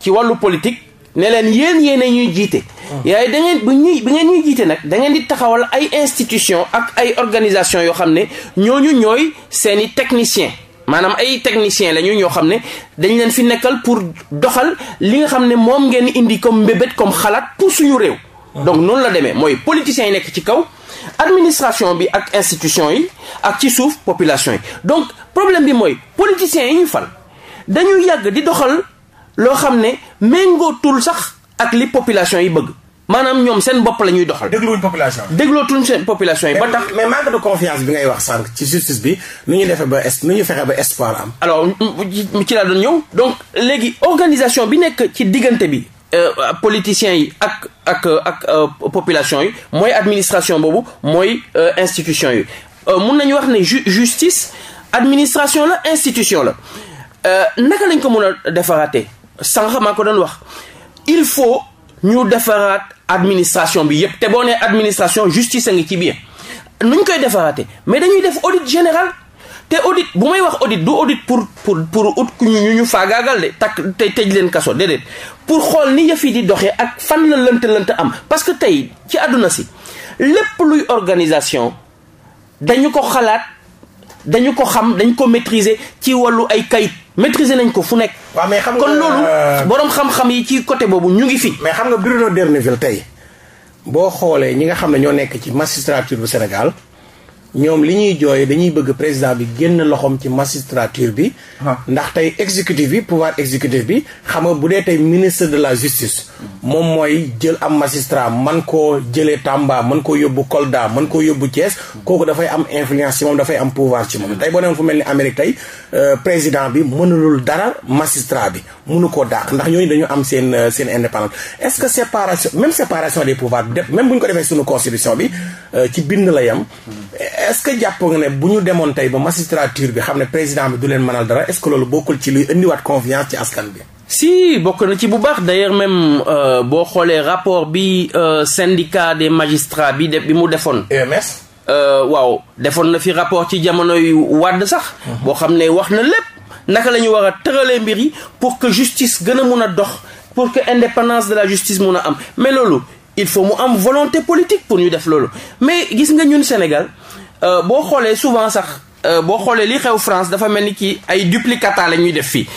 ci wàllu politique ne leen yéen yéen a ñuy jiite ah. yaaye da ngeen bu ñuy bi ngeen ñuy jiite nag da ngeen di taxawal ay institution ak ay organisation yoo xam ne ñoo ñu ñooy seeni i maanaam ay technicien la ñu ñoo xam ne dañ leen fi nekkal pour doxal li nga xam ne moom ngeen indi comme mbébét comme xalaat pour suñu réew ah. donc noonu la demee mooy politiciens yi nekk ci kaw administration bi ak institution yi ak ci suuf population yi donc problème bi mooy politiciens yi ñu fal dañuy loo xam ne méngootul sax ak li population yi bëgg maanaam ñoom seen bopp la ñuy doxal. dégluwuñ population bi déglootuñ seen population yi. ba tax mais manque de confiance bi ngay wax sànq ci justice bi nu ñuy defee ba est nu ñuy fexe ba espoir am. alors ci laa doon ñëw. donc léegi organisation bi nekk ci diggante bi. Euh, politiciens yi ak ak ak euh, population yi mooy administration boobu mooy euh, institution yi mun nañu wax ne justice administration la institution la naka lañ ko mun a defaraatee sànq maa ko doon wax il faut ñu defaraat administration bi yépp te boo nee administration justice a ngi ci biir ñu koy defaraate mais dañuy def audit général te audit bu may wax audit du audit pour pour pour ut ku ñu ñu faagaagal de takk tëj leen kaso déedéet pour xool ni yëf di doxee ak fan la lënt lënt am parce que tey ci àdduna si lépp luy organisation dañu ko xalaat dañu ko xam dañ ko maîtriser ci wàllu ay kayit maîtriser nañ ko fu nekk. waaw mais xam nga kon loolu euh, borom xam-xam yi ci côté boobu ñu ngi fi. mais xam nga Bruno D'erneville tey boo xoolee ñi nga xam ne ñoo nekk ci magistrature bu Sénégal ñoom li ñuy jooy dañuy bëgg président bi génn loxoom ci magistrature bi. Ah. ndax tey exécutif bi pouvoir exécutif bi xam nga bu dee tey ministre de la justice. moom mooy jël am magistrat man koo jëlee Tamba man koo yóbbu Kolda man koo yóbbu Thiès. kooku dafay am influence ci moom dafay am pouvoir ci moom. tey boo demee fu mel ni Amérique tey euh, président bi mënulul dara magistrat bi. mënu koo dàq ndax ñooñu dañu am seen euh, seen indépendance est-ce que séparation même séparation des pouvoirs def même bu ñu ko defee suñu constitution bi euh, ci bind la yem est-ce que jàpp ne bu ñu demoon tey ba magistrature bi xam ne président bi du leen manal dara est-ce que loolu bokkul ci luy indiwaat confiance ci askan bi si bokk na ci bu baax d'ailleurs même euh, boo xoolee rapport bi euh, syndicat des magistrats bi de bi mu defoon EMS euh, waaw defoon na fi rapport ci jamono yu Wàdd sax mm-hmm. boo xam naka la ñu war a tëralee mbir yi pour que justice gën a mun a dox pour que indépendance de la justice mun a am mais loolu il faut mu am volonté politique pour ñu def loolu mais gis nga ñun Sénégal euh, boo xoolee souvent sax euh, boo xoolee li xew France dafa mel ni kii ay duplicata la ñuy def fii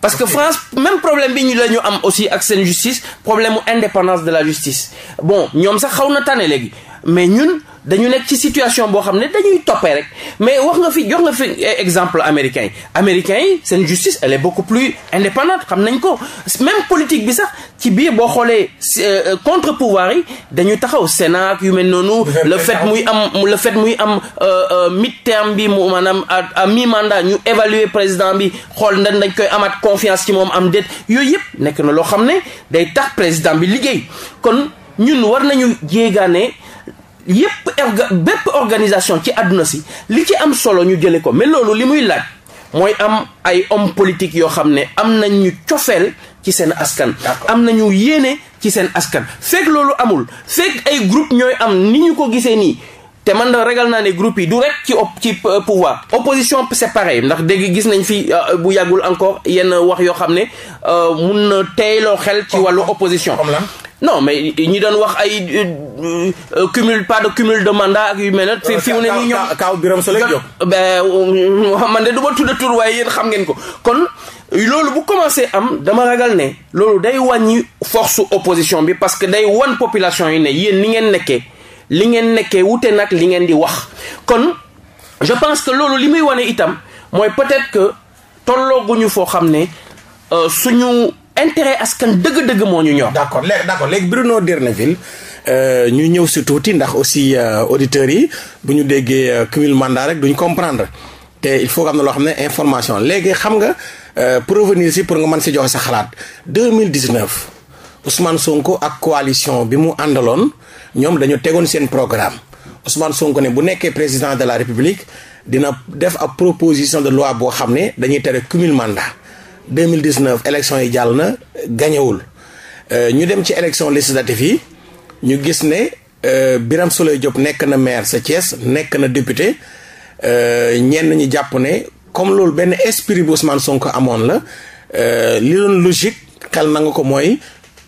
parce que France même problème bi ñu la ñu am aussi ak seen justice problème indépendance de la justice bon ñoom sax xaw na tane léegi mais ñun dañu nekk ci situation boo xam ne dañuy toppee rek mais wax nga fi jox exemple américain yi yi seen justice elle est beaucoup plus indépendante xam nañ ko même politique bi sax ci biir boo xoolee euh, euh, contre pouvoir yi dañu taxaw Sénat yu mel noonu le fait muy am le fait muy am euh, mid-terme bi mu maanaam à mi-mandat ñu évaluer président bi xool ndax dañ koy amaat confiance ci moom am déet yooyu yëpp nekk na loo xam ne day tax président bi liggéey kon ñun war nañu jéegaane yépp orga bépp organisation ci àdduna si li ci am solo ñu jële ko mais loolu li muy laaj mooy am ay homme politique yoo xam ne am nañ ñu cofeel ci seen askan am nañu yéene ci seen askan fekk loolu amul fekk ay groupe ñooy am ni ñu ko gisee nii te man da ragal naa ne groupe yi du rek ci op ci pouvoir opposition c'est yi ndax dégg gis nañ fi euh, bu yàggul encore yenn wax yoo xam ne euh, mun na loo xel ci wàllu opposition non mais ñi doon wax ay euh, cumul pas de cumul de mandat ak yu mel ne fi fi ne nii ñoom kaw Birame Souleye Diop man de du ma tur waaye yéen xam ngeen ko kon loolu bu commencé am dama ragal ne loolu day wàññi force opposition bi parce que day wan population yi ne yéen ni ngeen nekkee li ngeen nekkee wute nag li ngeen di wax kon je pense que loolu li muy wane itam mooy peut-être que tollooguñu foo xam ne euh, suñu intérêt askan dëgg-dëgg moo ñu ñor. d'accord léegi d'accord léegi Bruno Derneville euh, ñu ñëw si tuuti ndax aussi euh, auditeurs yi bu ñu déggee cumul mandat rek duñ comprendre te il faut que am na loo xam ne information léegi xam nga pour revenir si pour nga mën si joxe sa xalaat 2019. Ousmane Sonko ak coalition bi mu àndaloon ñoom dañu tegoon seen programme Ousmane Sonko ne bu nekkee président de la République dina def ab proposition de loi boo xam ne dañuy tere cumul mandat 2019 élection yi jàll na gañewul euh, ñu dem ci élection législative yi ñu gis ne euh, biram Souleye Diop nekk na maire sa Thiès nekk na député euh, ñenn ñi jàpp ne comme loolu benn esprit bu Ousmane Sonko amoon la li doon logique xel na nga ko mooy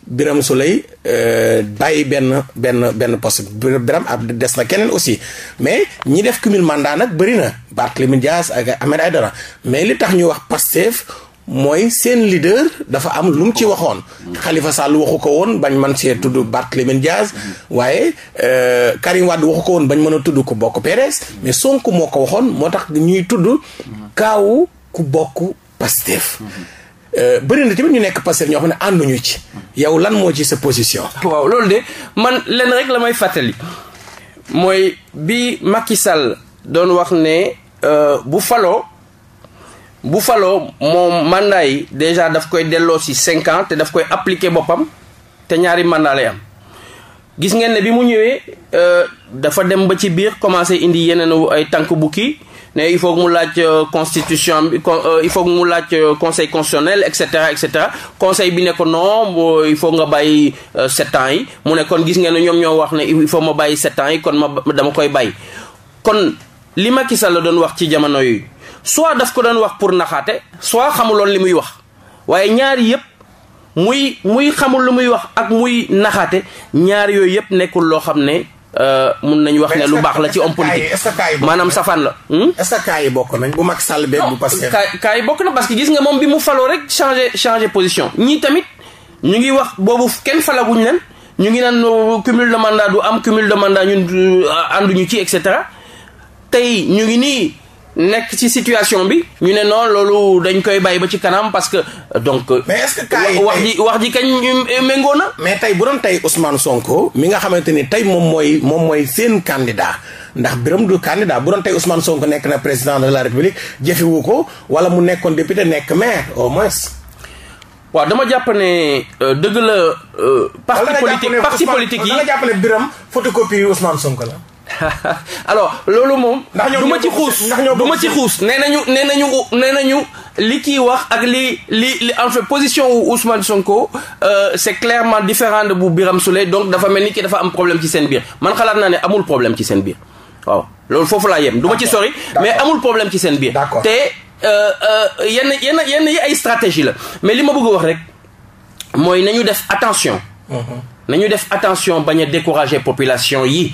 Biram Souley euh, bàyyi benn benn benn poste Biram ab des na keneen aussi mais ñi def cumul mandat nag bëri na Barthélémy Dias ak Ahmed dara mais li tax ñu wax Pastef mooy seen leader dafa am lu mu ci waxoon. xalifa Sall waxu ko woon bañ man see tudd Barthélémy Dias waaye euh, Karim Wade waxu ko woon bañ mën a tudd ku bokk PDS mais Sonko moo ko waxoon moo tax ñuy tudd kaawu ku bokk Pastef. Euh, bëri na tamit ñu nekk Pastef ñoo xam ne ànduñu ci yow lan moo ci sa position. waaw loolu de man leen rek la may fàttali mooy bi Macky sal doon wax ne euh, bu faloo bu faloo moom mandat yi déjà daf koy delloo si cinq te daf koy appliquer boppam te ñaari mandat lay am. gis ngeen ne bi mu ñëwee euh, dafa dem ba ci biir commencé indi yeneen ay tànk bukki ne il faut mu laaj constitution il faut que mu laaj euh, euh, euh, conseil constitutionnel et cetera et cetera conseil bi ne ko non il faut nga bàyyi sept ans yi mu ne kon gis ngeen ne ñoom ñoo wax ne il faut ma bàyyi sept ans yi kon ma dama koy bàyyi kon li ma Sall la doon wax ci jamono yooyu soit daf ko doon wax pour naxaate soit xamuloon li muy wax waaye ñaar yëpp muy muy xamul lu muy wax ak muy naxaate ñaari yooyu yëpp nekkul loo xam ne Euh, mun nañu wax ne lu baax la ci homme politique maanaam safaan la. Hmm? est-ce yi bokk nañ bu Macky Sall beeg bu Pastef kaa yi bokk na parce que gis nga moom bi mu faloo rek changé changé position. ñii tamit ñu ngi wax boobu kenn falaguñ leen ñu ngi naan euh, cumul de mandat du am cumul de mandat ñun euh, ànduñu ci et cetera tey ñu ngi nii. nekk ci situation bi ñu ne non loolu dañ koy bàyyi ba ci kanam parce que donc. mais est-ce wax ji wax ji kañ méngoo na. mais tey bu doon tey Ousmane Sonko mi nga xamante ni tey moom mooy moom mooy seen candidat. ndax biram du candidat bu doon tey Ousmane Sonko nekk na président de la république jëfewu ko wala mu nekkoon député nekk maire au moins. waaw dama jàpp ne euh, dëgg la. Euh, parti politique parti politique yi wala nga jàpp ne biram photocopie Ousmane Sonko la. alors loolu moom. du ma ci xuus du ma ci xuus nee nañu nee nañu nee nañu li kii wax ak li li li en fait position wu Ousmane Sonko euh, c'est clairement différent de bu Birame Souleye donc dafa mel ni ki dafa am problème ci seen biir man xalaat naa ne amul problème ci seen biir waaw loolu foofu laa yem. du ma ci sori mais amul problème ci seen biir. te euh, euh, yenn yenn yenn yi ay stratégie la mais li ma bëgg wax rek mooy na nañu def attention. Mm-hmm. nañu def attention bañ a décourager yi.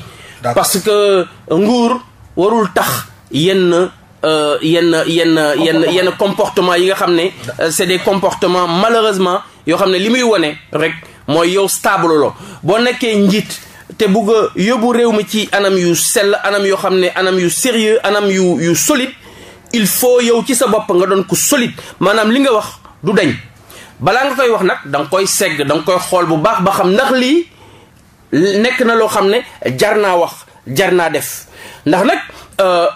parce que euh, nguur warul tax yenn euh, yenn yenn yenn yenn comportement yi nga xam ne euh, c'est des comportement malheureusement yoo xam ne li muy wone rek mooy yow stable lo boo nekkee njiit te bugg a yóbbu réew mi ci anam yu sell anam yoo xam ne anam yu sérieux anam yu yu solide il faut yow ci sa bopp nga doon ku solide maanaam li nga wax du dañ balaa nga koy wax nag danga koy segg da nga koy xool bu baax ba xam ndax lii nekk na loo xam ne jar naa wax jar naa def ndax nag euh,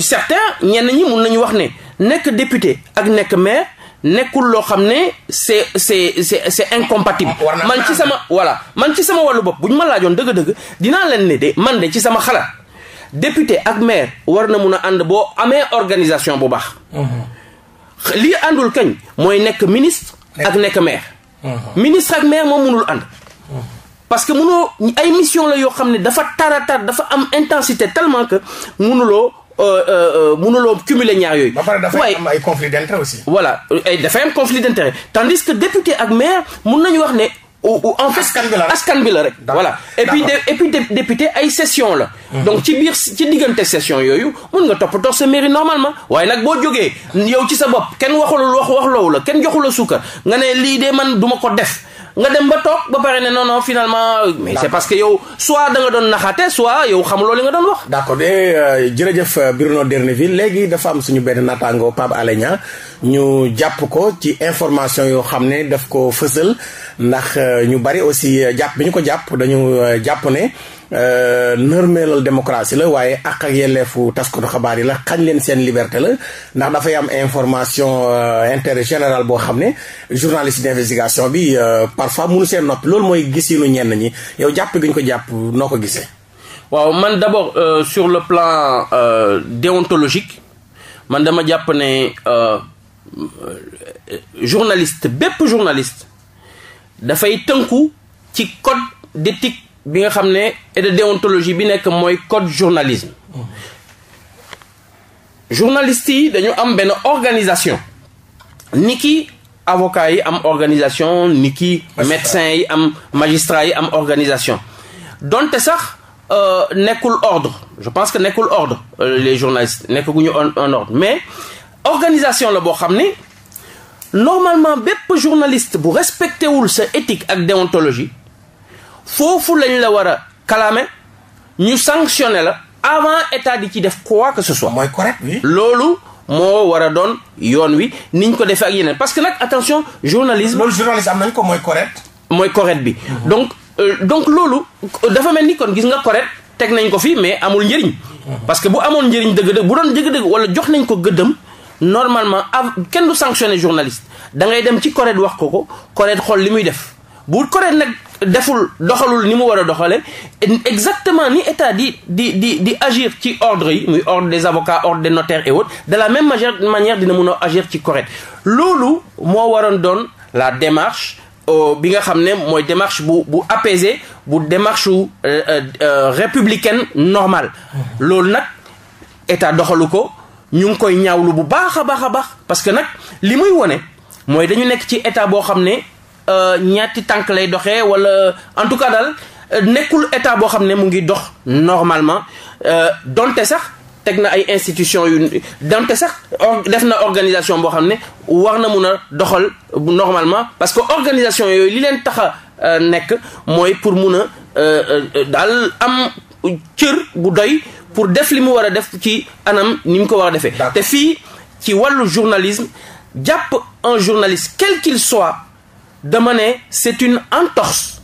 certains ñenn ñi mun nañu wax ne nekk député ak nekk maire nekkul loo xam ne c'est c'est c'est c'est incompatible man ci sama voilà man ci sama wàllu bopp bu ñu ma laajoon dëgg-dëgg dinaa leen ne de man de ci sama xalaat député ak maire war na mun a ànd boo amee organisation bu baax mm-hmm. lii àndul kañ mooy nekk ministre ak nekk maire mm-hmm. ministre ak maire moom munul ànd mm-hmm. parce que mënoo ay mission la yoo xam ne dafa tara tar dafa am intensité tellement que mënuloo euh, euh, euh, mënuloo cumuler ñaar yooyu. ba pare dafay am ay conflit d'intérêt aussi. voilà ay dafay am conflit d'intérêt tandis que député ak maire mun nañu wax ne. ou en fait askan rek askan bi la rek. voilà et puis et député ay session la. Mhm. donc ci biir ci diggante session yooyu mun nga toppatoo sa mairie normalement. waaye nag boo jógee yow ci sa bopp kenn waxul wax waxloowu la kenn joxu suukar nga ne lii de man duma ko def. nga dem ba toog ba pare ne non non finalement. mais c'est parce que yow soit da doon naxaate soit yow xamuloo li nga doon wax. d'accord de euh, jërëjëf euh, Bruno D'erneville léegi dafa am suñu benn naataango Pape Alé ñu jàpp ko ci information yoo xam ne daf ko fësal ndax euh, ñu bari aussi jàpp bi ñu ko jàpp dañu jàpp ne. Euh, nërmeelal démocratie la waaye ak ak yelleefu taskatu xabaar yi la xañ leen seen liberté la ndax dafay am information euh, intérêt général boo xam ne journaliste d'investigation bi euh, parfois mënu seen noppi loolu mooy gisinu ñenn ñi yow jàpp bi ñu ko jàpp noo ko gisee. waaw man d'abord euh, sur le plan euh, déontologique man dama jàpp ne journaliste bépp journaliste dafay tënku ci code d'éthique bi nga xam ne et de bi nekk mooy code journalisme journalistes yi dañu am benn organisation ni ki avocats yi am organisation ni ki médecins yi am magistrats yi am organisation donte sax euh, nekkul ordre je pense que nekkul ordre euh, les journalistes nekkaguñu un ordre mais organisation la boo xam ne normalement bépp journaliste bu respecté wul sa étique ak déontologie foofu lañ la war a kalaame ñu sanctionné la avant état di ci def quoi que ce soit. mooy correct loolu moo war a doon yoon wi niñ ko defee ak yeneen parce que nag attention journalisme. loolu journaliste am nañ ko mooy correct. mooy correct bi. Mhm. donc euh, donc loolu dafa mel ni kon gis nga correct teg nañ ko fi mais amul njëriñ. Mhm. parce que bu amoon njëriñ dëgg-dëgg bu doon dëgg-dëgg wala jox nañ ko gëddam normalement av kenn du sanctionné journaliste da ngay dem ci CORED wax ko ko CORED xool li muy def bu deful doxalul ni mu war a doxalee exactement ni état di di di di agir ci ordre yi muy ordre des avocats ordre des notaires et autres de la même manière dina mun a agir ci correct loolu moo waroon doon la démarche euh, bi nga xam ne mooy démarche bu bu apaisée bu démarche euh, euh, républicain normal loolu nag état doxalu ko ñu ngi koy ñaawlu bu baax a baax a baax parce que nag li muy wone mooy dañu nekk ci état boo xam ne Euh, ñetti tànk lay doxe wala en tout cas daal euh, nekkul état boo xam ne mu ngi dox normalement euh, donte sax teg na ay institution yu donte sax def na organisation boo xam ne war na mun a doxal normalement parce que organisation yooyu li leen tax nekk mooy pour mun a daal am cër bu doy pour def li mu war a def ci anam ni mu ko war a defee te fii ci wàllu journalisme jàpp un journaliste quel qu'il soit demane ne c'est une entorse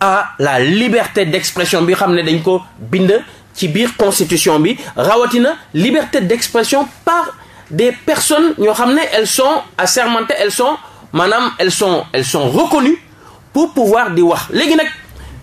à la liberté d'expression bi xam ne dañ ko bind ci biir constitution bi rawatina liberté d'expression par des personnes ñoo xam ne elles à assermentées elles son maanaam elles son elles sont reconnues pour pouvoir di wax léegi nag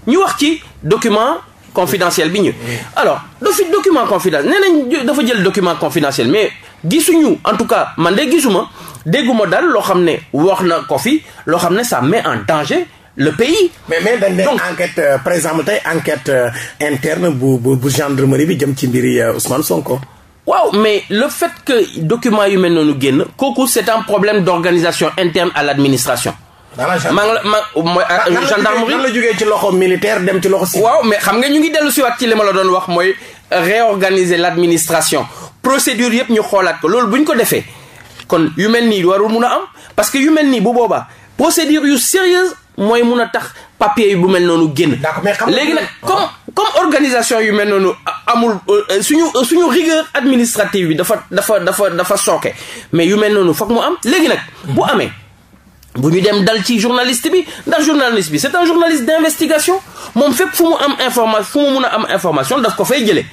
ñu wax ci document confidentiel bi ñu alors dofi document confidentiel nee nañ dafa jël document confidentiel mais gisuñu en tout cas man de gisuma dégguma daal loo xam ne wax na ko fi loo xam ne ça mais en danger le pays. mais mais dañ ne enquête euh, par exemple tey enquête euh, interne bu bu bu gendarmerie bi jëm ci mbiri euh, Ousmane Sonko. waaw mais le fait que document yu mel noonu génn kooku c'est un problème d'organisation interne à l'administration. maa ngi la ma euh, mooy gendarmerie nan la jógee ci loxo militaire dem ci loxo. waaw mais xam nga ñu ngi dellu si waat ci li ma la doon wax mooy réorganiser l'administration procédure yëpp ñu xoolaat ko loolu bu ñu ko defee kon yu mel nii warul mun a am parce que yu mel nii bu boobaa procédure yu sérieuse mooy mun a tax papier yu bu mel noonu génn. léegi nag comme comme organisation yu mel noonu amul euh, euh, suñu euh, suñu rigueur administrative bi dafa dafa dafa dafa sooke mais yu mel noonu foog mu am léegi nag bu amee. bu ñu dem dal ci journaliste bi ndax journaliste bi c'est un journaliste d'investigation moom fépp fu mu am information fu mu mun a am information daf ko fay jëlee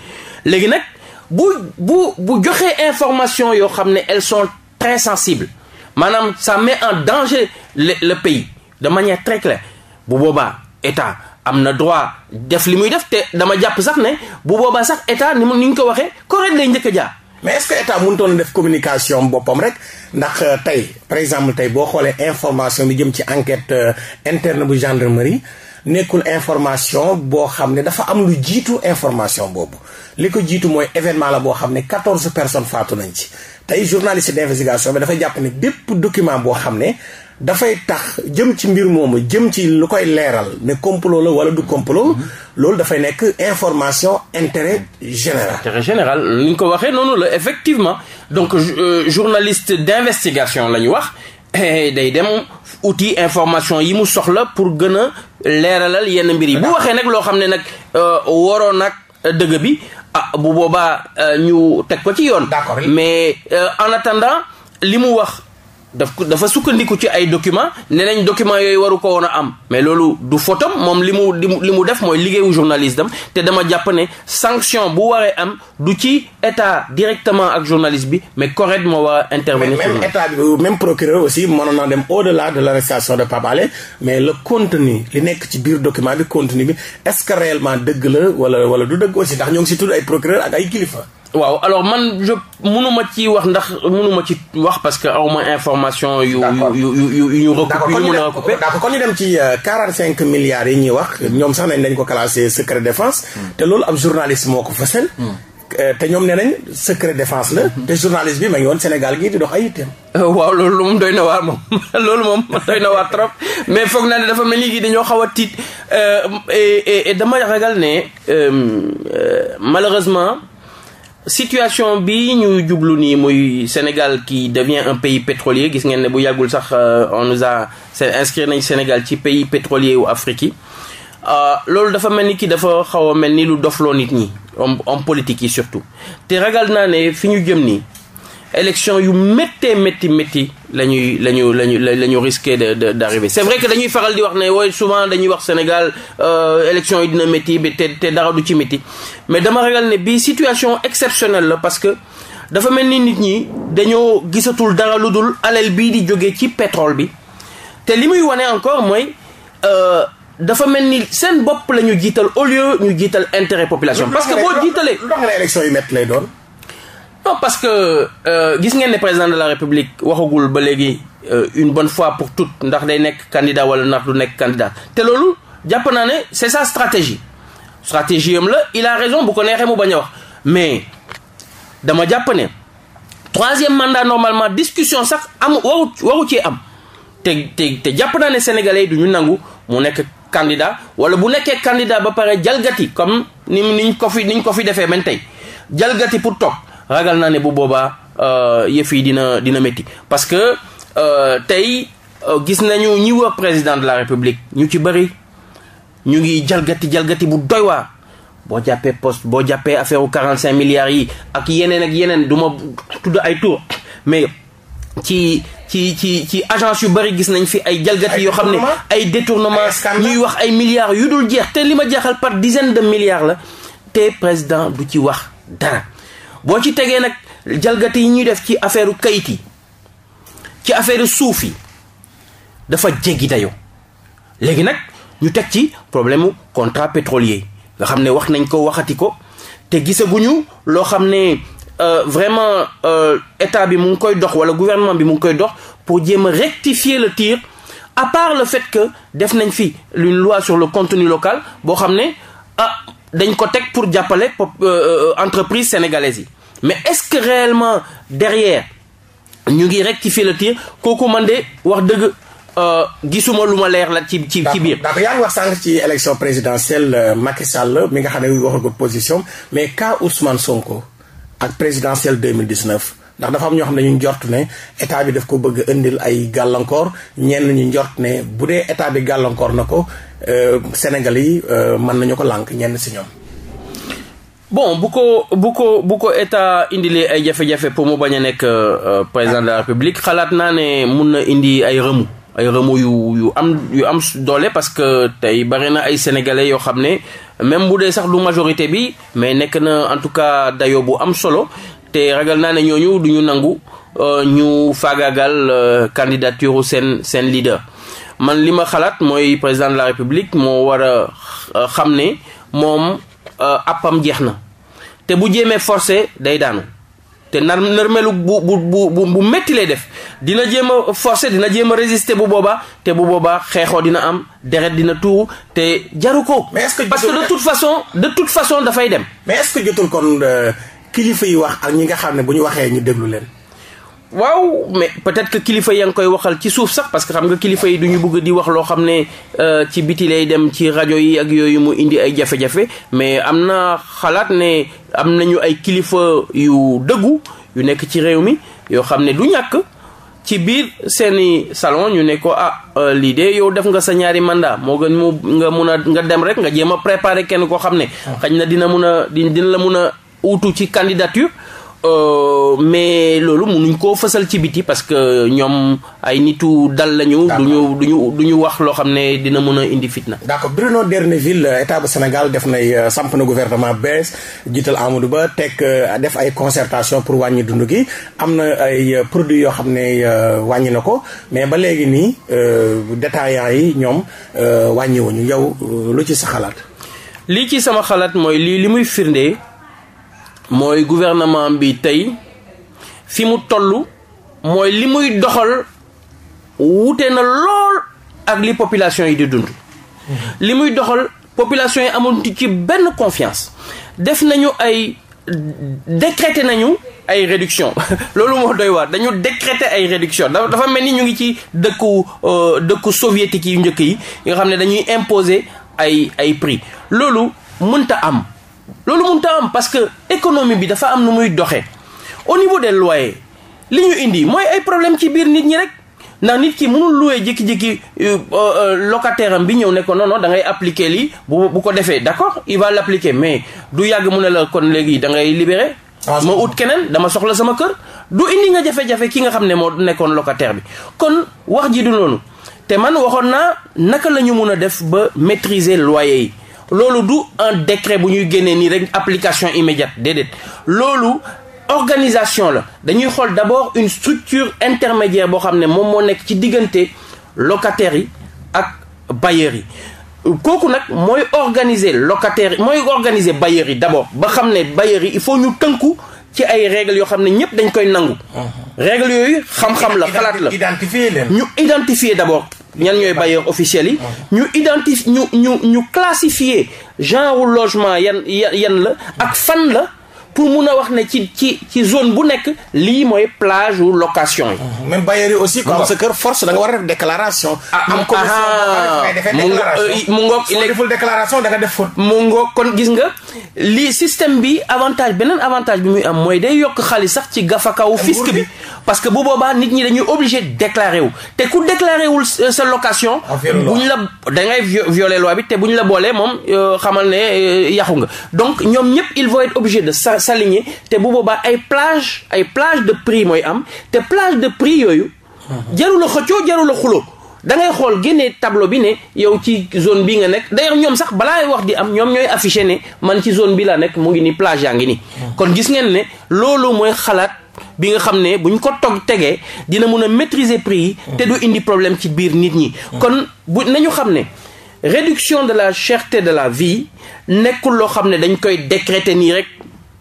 léegi nag bu bu bu joxee information yoo xam ne elles sont très sensibles maanaam ça met en danger le le pays de manière très claire bu boobaa état am na droit def li muy def te dama jàpp sax ne bu boobaa sax état ni mu ni ñu ko waxee correct lay njëkk a jaar. mais est-ce que état def communication boppam rek ndax euh, tey par exemple tey boo xoolee information bi jëm ci enquête euh, interne bu gendarmerie. nekkul information boo xam ne dafa am lu jiitu information boobu li ko jiitu mooy événement la boo xam ne quatorze personnes faatu nañ ci tey journaliste d'investigation bi dafay jàpp ne bépp document boo xam ne dafay tax jëm ci mbir moomu jëm ci lu koy leeral ne complot la wala du complot mhm. loolu dafay nekk information intérêt général. général ni ko waxee noonu la effectivement donc euh, journaliste d'investigation la ñu wax day dem. outil information yi mu soxla pour gën a leeralal yenn mbir yi bu waxee nag loo xam ne nag euh, waroo nag euh, dëgg bi ah bu boobaa euh, ñu teg ko ci yoon mais en attendant li mu wax daf ko dafa sukkandiku ci ay document nee nañ documents yooyu waru ko woon a am mais loolu du fotom moom li mu li mu def mooy liggéeyu journaliste am te dama jàpp ne sanction bu waree am du ci état directement ak journaliste bi mais correct moo war a intervenir. même état bi même procureur aussi mënoon naa dem au la de l' arrestation de Pape Alé mais le contenu li nekk ci biir document bi contenu bi est ce que réellement dëgg la wala wala du dëgg aussi ndax ñoo ngi si tudd ay procureur ak ay kilifa. waaw alors man je mënuma ci wax ndax mënuma ci wax parce que moins information yu yu yu yu ñu recoupé yu a recoupé kon ñu dem ci euh, quarante cinq milliards yi ñuy wax ñoom sax nañ dañ ko classé secret défense hmm. te loolu ab journaliste moo ko fësal hmm. euh, te ñoom nee nañ secret défense la hmm. te journaliste bi ma ngi woon Sénégal gii di dox ay itteem euh, waaw loolu moom doy na waar moom loolu moom doy na waar trop mais foog naa ne dafa mel ni gii dañoo xaw a tiit et dama ragal ne malheureusement situation bi ñu jublu nii muy Sénégal qui devient un pays pétrolier gis ngeen ne bu yàggul sax euh, on nous a inscrit nañ Sénégal ci pays pétrolier wu Afrique yi euh, loolu dafa mel ni ki dafa xaw a mel ni lu dofloo nit ñi homme homme politique yi surtout te ragal naa ne fi ñu jëm nii élection yu méttee métti métti la ñuy la ñu la ñu la ñu risqué de de d' arriver c' est vrai que dañuy faral di wax ne wooy souvent dañuy wax Sénégal euh, élection yi dina métti bi te dara du ci métti mais dama ragal ne bii situation exceptionnelle la parce que dafa mel ni nit ñi dañoo gisatul dara lu dul alal bii di jógee ci pétrole bi te li muy wane encore mooy euh, dafa mel ni seen bopp la ñu jiital au lieu ñu jiital intérêt population. parce que boo jiitalee. ndox la élection yu métti lay doon. non parce que euh, gis ngeen ne président de la république waxagul ba léegi euh, une bonne fois pour toutes ndax day nekk candidat wala ndax lu nekk candidat te loolu jàpp naa ne c'est ça stratégie stratégie am la il a raison bu ko neexee mu bañ a wax mais dama jàpp ne troisième mandat normalement discussion sax am waru waru cee am te te te jàpp naa ne sénégalais du ñu nangu mu nekk candidat wala bu nekkee candidat ba pare jalgati comme ni niñ ko fi ko fi defee man tey jalgati pour toog ragal naa ne bu boobaa euh, yëf yi dina dina métti parce que euh, tey euh, gis nañu ñi wër président de la république ñu ci bëri ñu ngi jalgati jalgati bu doy waar boo jàppee post boo jàppee affaire u 45 milliards yi ak yeneen ak yeneen du ma tudd ay tour mais ci ci ci ci agence yu bari gis nañ fi ay jalgati yoo xam ne ay détournement ñuy wax ay milliards yu dul jeex te li ma jeexal par dizaine de milliards la te président du ci wax dara boo ci tegee nag jalgati yi ñuy def ci affaire kayit yi ci affaire suuf yi dafa jéggi dayo léegi nag ñu teg ci problème contrat pétrolier nga xam ne wax nañ ko waxati ko te gisaguñu loo xam ne euh, vraiment euh, état bi mu ngi koy dox wala gouvernement bi mu ngi koy dox pour jéem a rectifier le tir à part le fait que def nañ fi une loi sur le contenu local boo xam ne ah dañ ko teg pour jàppale euh, entreprise sénégalaise yi mais est-ce que réellement derrière ñu ngi rectifier le tir kooku man de wax dëgg euh, gisuma lu ma leer la ci ci ci biir. d'accord yaa wax sànq ci élection présidentielle euh, Macky Sall mi nga xam ne waxagul position mais cas Ousmane Sonko ak présidentielle 2019 ndax dafa am ñoo xam ne ñu njort ne état bi daf ko bëgg indil ay gàllankoor ñenn ñu njort ne bu dee état bi gàllankoor na ko euh, Sénégal yi mën nañu ko lànk ñenn si ñoom. bon bu ko bu ko bu ko état indilee ay jafe-jafe pour mu bañ a nekk euh, président de la république xalaat naa ne mun na indi ay rëmu ay rëmu yu yu am yu am doole parce que tey bari na ay sénégalais yoo xam ne même bu dee sax du majorité bi mais nekk na en tout cas dayo bu am solo te ragal naa ne ñooñu du ñu nangu euh, ñu faagaagal euh, candidature seen seen leader man li ma xalaat mooy président de la république moo war a euh, xam ne moom Euh, appam jeex na te bu jéemee forcé day daanu te nar narmelu bu bu bu bu métti lay def dina jéem a forcé dina jéem a résister bu boobaa te bu boobaa xeexoo dina am deret dina tuuru te jaru ko. mais parce que de toute façon de toute façon dafay dem. mais est-ce que jotul kon euh, kilifa yi wax ak ñi nga xam ne bu ñu waxee ñu déglu leen. waaw mais peut-être que kilifa yaa ngi koy waxal ci suuf sax parce que xam nga kilifa yi duñu bugg di wax loo xam ne euh, ci biti lay dem ci rajo yi ak yooyu mu indi ay jafe-jafe mais am na xalaat ne am nañu ay kilifa yu dëggu yu nekk ci réew mi yoo xam ne du ñàkk ci biir seeni salon ñu ne ko ah euh, lii de yow def nga sa ñaari mandat moo gën mu nga mun a nga dem rek nga jéem a préparer kenn koo xam ne ah. xañ na dina mun a dina la mun a wutu ci candidature Euh, mais loolu mënuñ koo fësal ci biti parce que ñoom ay nitu dal lañu. du ñu du ñu wax loo xam ne dina mën a indi fitna. d' accord Bruno D'erneville état bu Sénégal def nay euh, samp na gouvernement bees jiital Amadou Ba teg euh, def ay concertation pour wàññi dundu gi am na ay produits yoo xam ne wàññi na ko mais ba léegi nii détaillants yi ñoom wàññiwuñu yow lu ci sa xalaat. lii ci sama xalaat mooy lii li muy firnde. mooy gouvernement bi tey fi mu tollu mooy li muy doxal wute na lool ak li population yi di dund li muy doxal population yi amul ci benn confiance def nañu ay décrété nañu ay réduction loolu moo doy waar dañu décrété ay réduction dafa mel ni ñu ngi ci dëkku euh, dëkku soviétique yu njëkk yi nga xam ne dañuy imposer ay ay prix loolu mënta am loolu mun ta am parce que économie bi dafa am nu muy doxee au niveau des li ñu indi mooy ay problème ci biir nit ñi rek ndax nit ki mënul louer jékki-jékki euh, euh, locataire bi ñëw nekkoon ko non non da appliquer lii bu bu ko defee d'accord il va l'appliquer mais du yàgg mu ne la kon léegi da ngay libérer ah, ma ut keneen dama soxla sama kër du indi nga jafe-jafe ki nga xam ne moo nekkoon locataire bi kon wax ji du noonu te man waxoon naa naka la ñu mun a def ba maîtriser loyer yi loolu du un décret bu ñuy génnee nii rek application immédiate déedéet loolu organisation la dañuy xool d'abord une structure intermédiaire boo xam ne moom moo nekk ci diggante locataires yi ak bailleurs yi kooku nag mooy organiser locataires mooy organise bailleurs yi d'abord ba xam ne bailleurs yi il faut ñu tënku ci ay règles yoo xam ne ñëpp dañ koy nangu. Uh-huh. règles yooyu xam-xam la xalaat la ñu identifier d'abord ñan ñooy bailleurs officiels yi ñu identifier ñu ñu ñu classifier genre logement yan yan yan la ak fan la pour mun a wax ne ci ci ci zone bu nekk lii mooy plage ou location yi. même bailleurs yi aussi. comme sa kër force da nga war a def déclaration. Ah, am ah, commission euh, mu ngoog léegi deful déclaration da nga def faute. mu kon gis nga lii système bi avantage beneen avantage bi muy am mooy day yokk xaalis sax ci gafakawu fisc bi. parce que bu boobaa nit ñi dañuy obligé déclarer wu te ku déclarer wul sa location. bu ñu la da ngay violer loi bi te bu ñu la boolee moom euh, xamal ne euh, yàqu nga donc ñoom ñëpp ils vont être obligés de s'aligner te bu booba ay plage ay plage de prix mooy am te plage de prix yooyu. Uh-huh. jarul a xëccoo jarul a xuloo da ngay xool génne tableau bi ne yow ci zone bi nga nekk d'ailleurs ñoom sax balaa wax di am ñoom ñooy affiché ne man ci zone bi laa nekk mu ngi nii plage yaa ngi nii. Uh-huh. kon gis ngeen ne loolu mooy xalaat. bi nga xam ne bu ñu ko togg tegee dina mun a maitriser prix yi. te du indi problème ci biir nit ñi. kon bu nañu xam ne réduction de la cherté de la vie nekkul loo xam ne dañ koy décrété nii rek.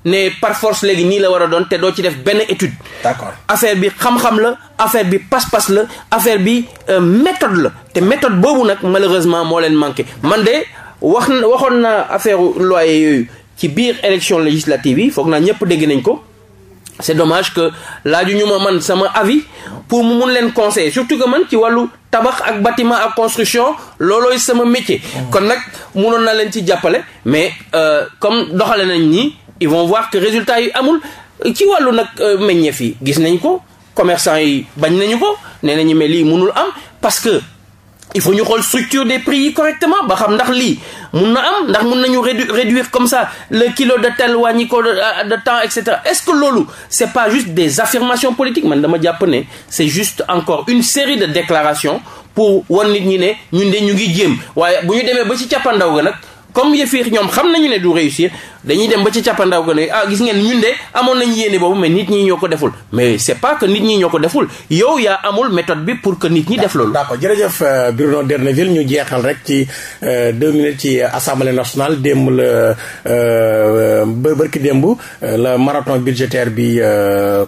ne par force léegi nii la war a doon te doo ci def benn étude. d'accord affaire bi xam-xam la affaire bi pas-pas la affaire bi euh, méthode la te méthode boobu nag malheureusement moo leen manqué man de wax waxoon naa affaire loyer yooyu ci biir élection législative yi foog naa ñëpp dégg nañ ko. c'est dommage que laaju ñu ma man sama avis pour mu mun leen conseiller surtout que man ci wàllu tabax ak bâtiment ak construction loolooy sama métier. kon nag munoon na leen ci jàppale mais euh, comme doxale nañ nii il vont voir que résultat yi amul ci wàllu nag euh, meññeef yi gis nañ ko commerçant yi bañ nañu ko nee nañu mais lii munul am parce que. il faut ñu xool structure des prix yi correctement ba xam ndax lii mun na am ndax mun nañu réduire comme ça le kilo de tel wàññi ko euh, de temps et cetera est-ce que loolu c'est pas juste des affirmations politiques man dama jàpp ne c'est juste encore une série de déclarations pour wan nit ñi ne ñun de ñu ngi jéem waaye bu ñu demee ba ci cappandaw ga nag comme yëf ñoom xam nañu ne du réussir dañuy dem ba ci càppandaw ga ne ah gis ngeen ñun de amoon nañu yéene boobu mais nit ñi ñoo ko deful mais c'est pas que nit ñi ñoo ko deful yow yaa amul méthode bi pour que nit ñi def loolu. d'accord jërëjëf euh, Bruno D'erneville ñu jeexal rek ci euh, deux minutes ci assemblée nationale démb la euh, bërki démb la marathon budgétaire bi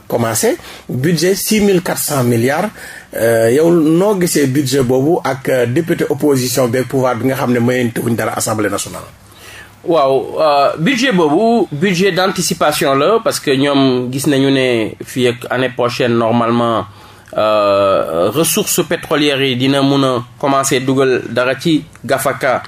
commencé budget six mille quatre cent milliards. Euh, yow noo gisee budget boobu ak euh, député opposition beeg pouvoir bi nga xam ne mayentewuñ dara assemblée nationale. waaw euh, budget boobu budget d'anticipation la parce que ñoom gis nañu ne fii ak année prochaine normalement ressources pétrolières yi dina mun a commencer dugal dara ci gafaka.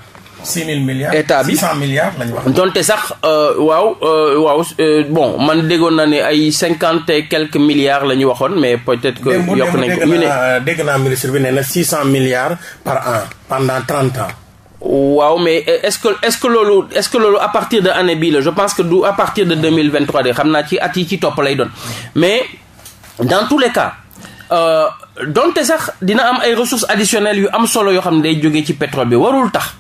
six mille milliards état bi six cent milliards lañu wax. donte sax euh, waaw euh, waaw euh, bon man déggoon naa ne ay cinquante et quelques milliards la ñu waxoon mais peut-être que. yokk nañ ko ñu ne dégg naa ministre bi nee na six cent milliards par an pendant trente ans. waaw mais est-ce que est-ce que loolu est-ce que loolu à partir de année bii la je pense que du à partir de deux mille vingt trois de xam naa ci at yi ci topp lay doon mais dans tous les cas. donte sax dina am ay ressources additionnelles yu am solo yoo xam ne day jógee ci pétrole bi warul tax.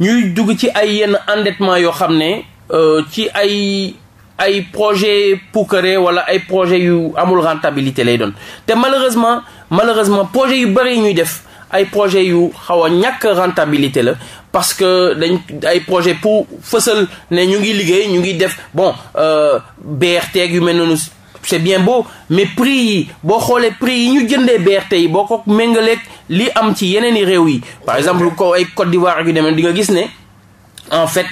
ñuy dugg ci ay yenn endettement yoo xam ne euh, ci ay ay projet puukare wala ay projet yu amul rentabilité lay doon te malheureusement malheureusement projet yu bëri ñuy def ay projet yu xaw a ñàkk rentabilité la parce que dañ ay projet pour fësal ne ñu ngi liggéey ñu ngi def bon beex euh, BRT yu mel si c'est bien boo mais prix yi boo xoolee prix yi ñu jëndee BRT tey boo ko méngaleeg li am ci yeneen i réew yi par exemple ko ay Côte d'Ivoire ak yu demee di nga gis ne en fait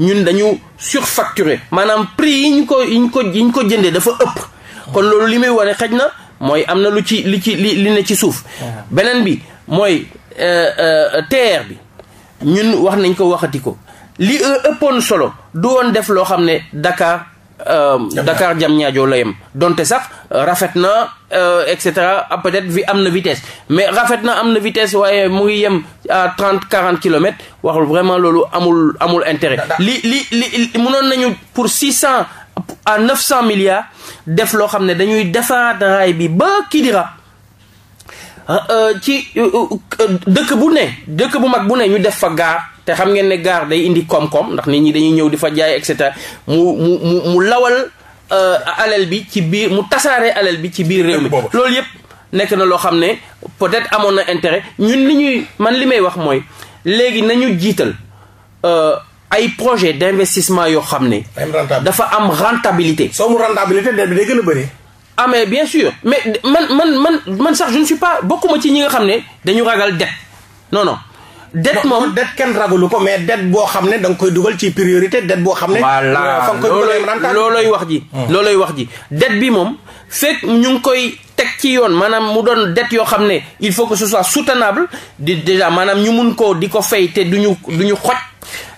ñun dañu surfacturé maanaam prix yi ñu ko yi ko yi ko jëndee dafa ëpp kon loolu li muy wane xaj na mooy am na lu ci li ci li li ci suuf beneen bi mooy euh, euh, TER bi ñun wax nañ ko waxati ko li ëppoon solo du woon def loo xam ne Dakar Euh, Dakar Diamniadio la yem donte sax euh, rafet na euh, et cetera ah, peut-être vi am na vitesse mais rafet na am na vitesse waaye mu ngi yem à trente quarante kilomètres waxul vraiment loolu amul amul intéret li li li mënoon nañu pour six cent à neuf cent milliards def loo xam ne dañuy defaraat raay bi ba Kidira. Ah, euh, ci euh, euh, dëkk bu ne dëkk bu mag bu ne ñu def fa gaar te xam ngeen ne gaar day indi koom-koom ndax nit ñi dañuy ñëw di fa jaay et cetera mu mu mu mu lawal alal bi ci biir mu tasaare alal bi ci biir réew mi loolu yëpp nekk na loo xam ne peut-être amoon na intérêt ñun li ñuy man li may wax mooy léegi nañu jiital ay projet d'investissement yoo xam ne dafa am rentabilité soo mu rentabilité day gën a bëri ah bien sûr mais man man man man sax je ne suis pas bokkuma ci ñi nga xam ne dañu ragal dette non non. moom dette kenn ragalu ko mais dette boo xam ne da nga koy dugal ci priorité dette boo xam ne. voilà euh, loolooy wax ji. Hmm. loolooy wax ji dette bi moom fekk ñu ngi koy teg ci yoon maanaam mu doon dette yoo xam ne il faut que ce soit soutenable di déjà maanaam ñu mun koo di ko fay te duñu duñu xoj.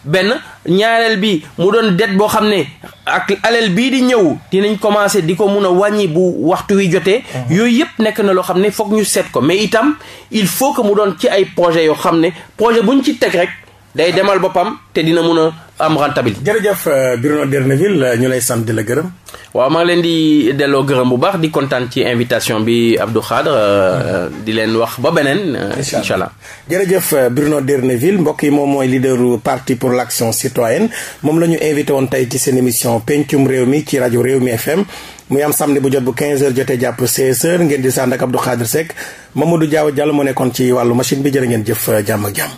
benn ñaareel bi mu doon det boo xam ne ak alal bii di ñëw dinañ commencé di ko mun a wàññi bu waxtu wi jotee mhm. yooyu yëpp nekk na loo xam ne foog ñu seet ko mais itam il faut que mu doon ci ay projet yoo xam ne projet bu ñu ci teg rek day demal boppam te dina mun a am rentabilité. jërëjëf euh, Bruno D'erneville euh, ñu lay sant di la gërëm. waaw maa leen di delloo gërëm bu baax di kontaan ci invitation bi Abdou Khadre euh, di leen wax ba beneen. incha allah jërëjëf Bruno D'erneville mbokk yi moom mooy leaderu parti pour l'action citoyenne moom la ñu invité woon tey ci seen émission pencum réew mi ci rajo réew mi FM. muy am samedi bu jot bu 15 jotee jàpp 16h ngeen di sànd ak Abdou Khadre Seck Mamadou Diaw Diallo mu nekkoon ci wàllu machine bi jërë ngeen jëf jàmm jàmm.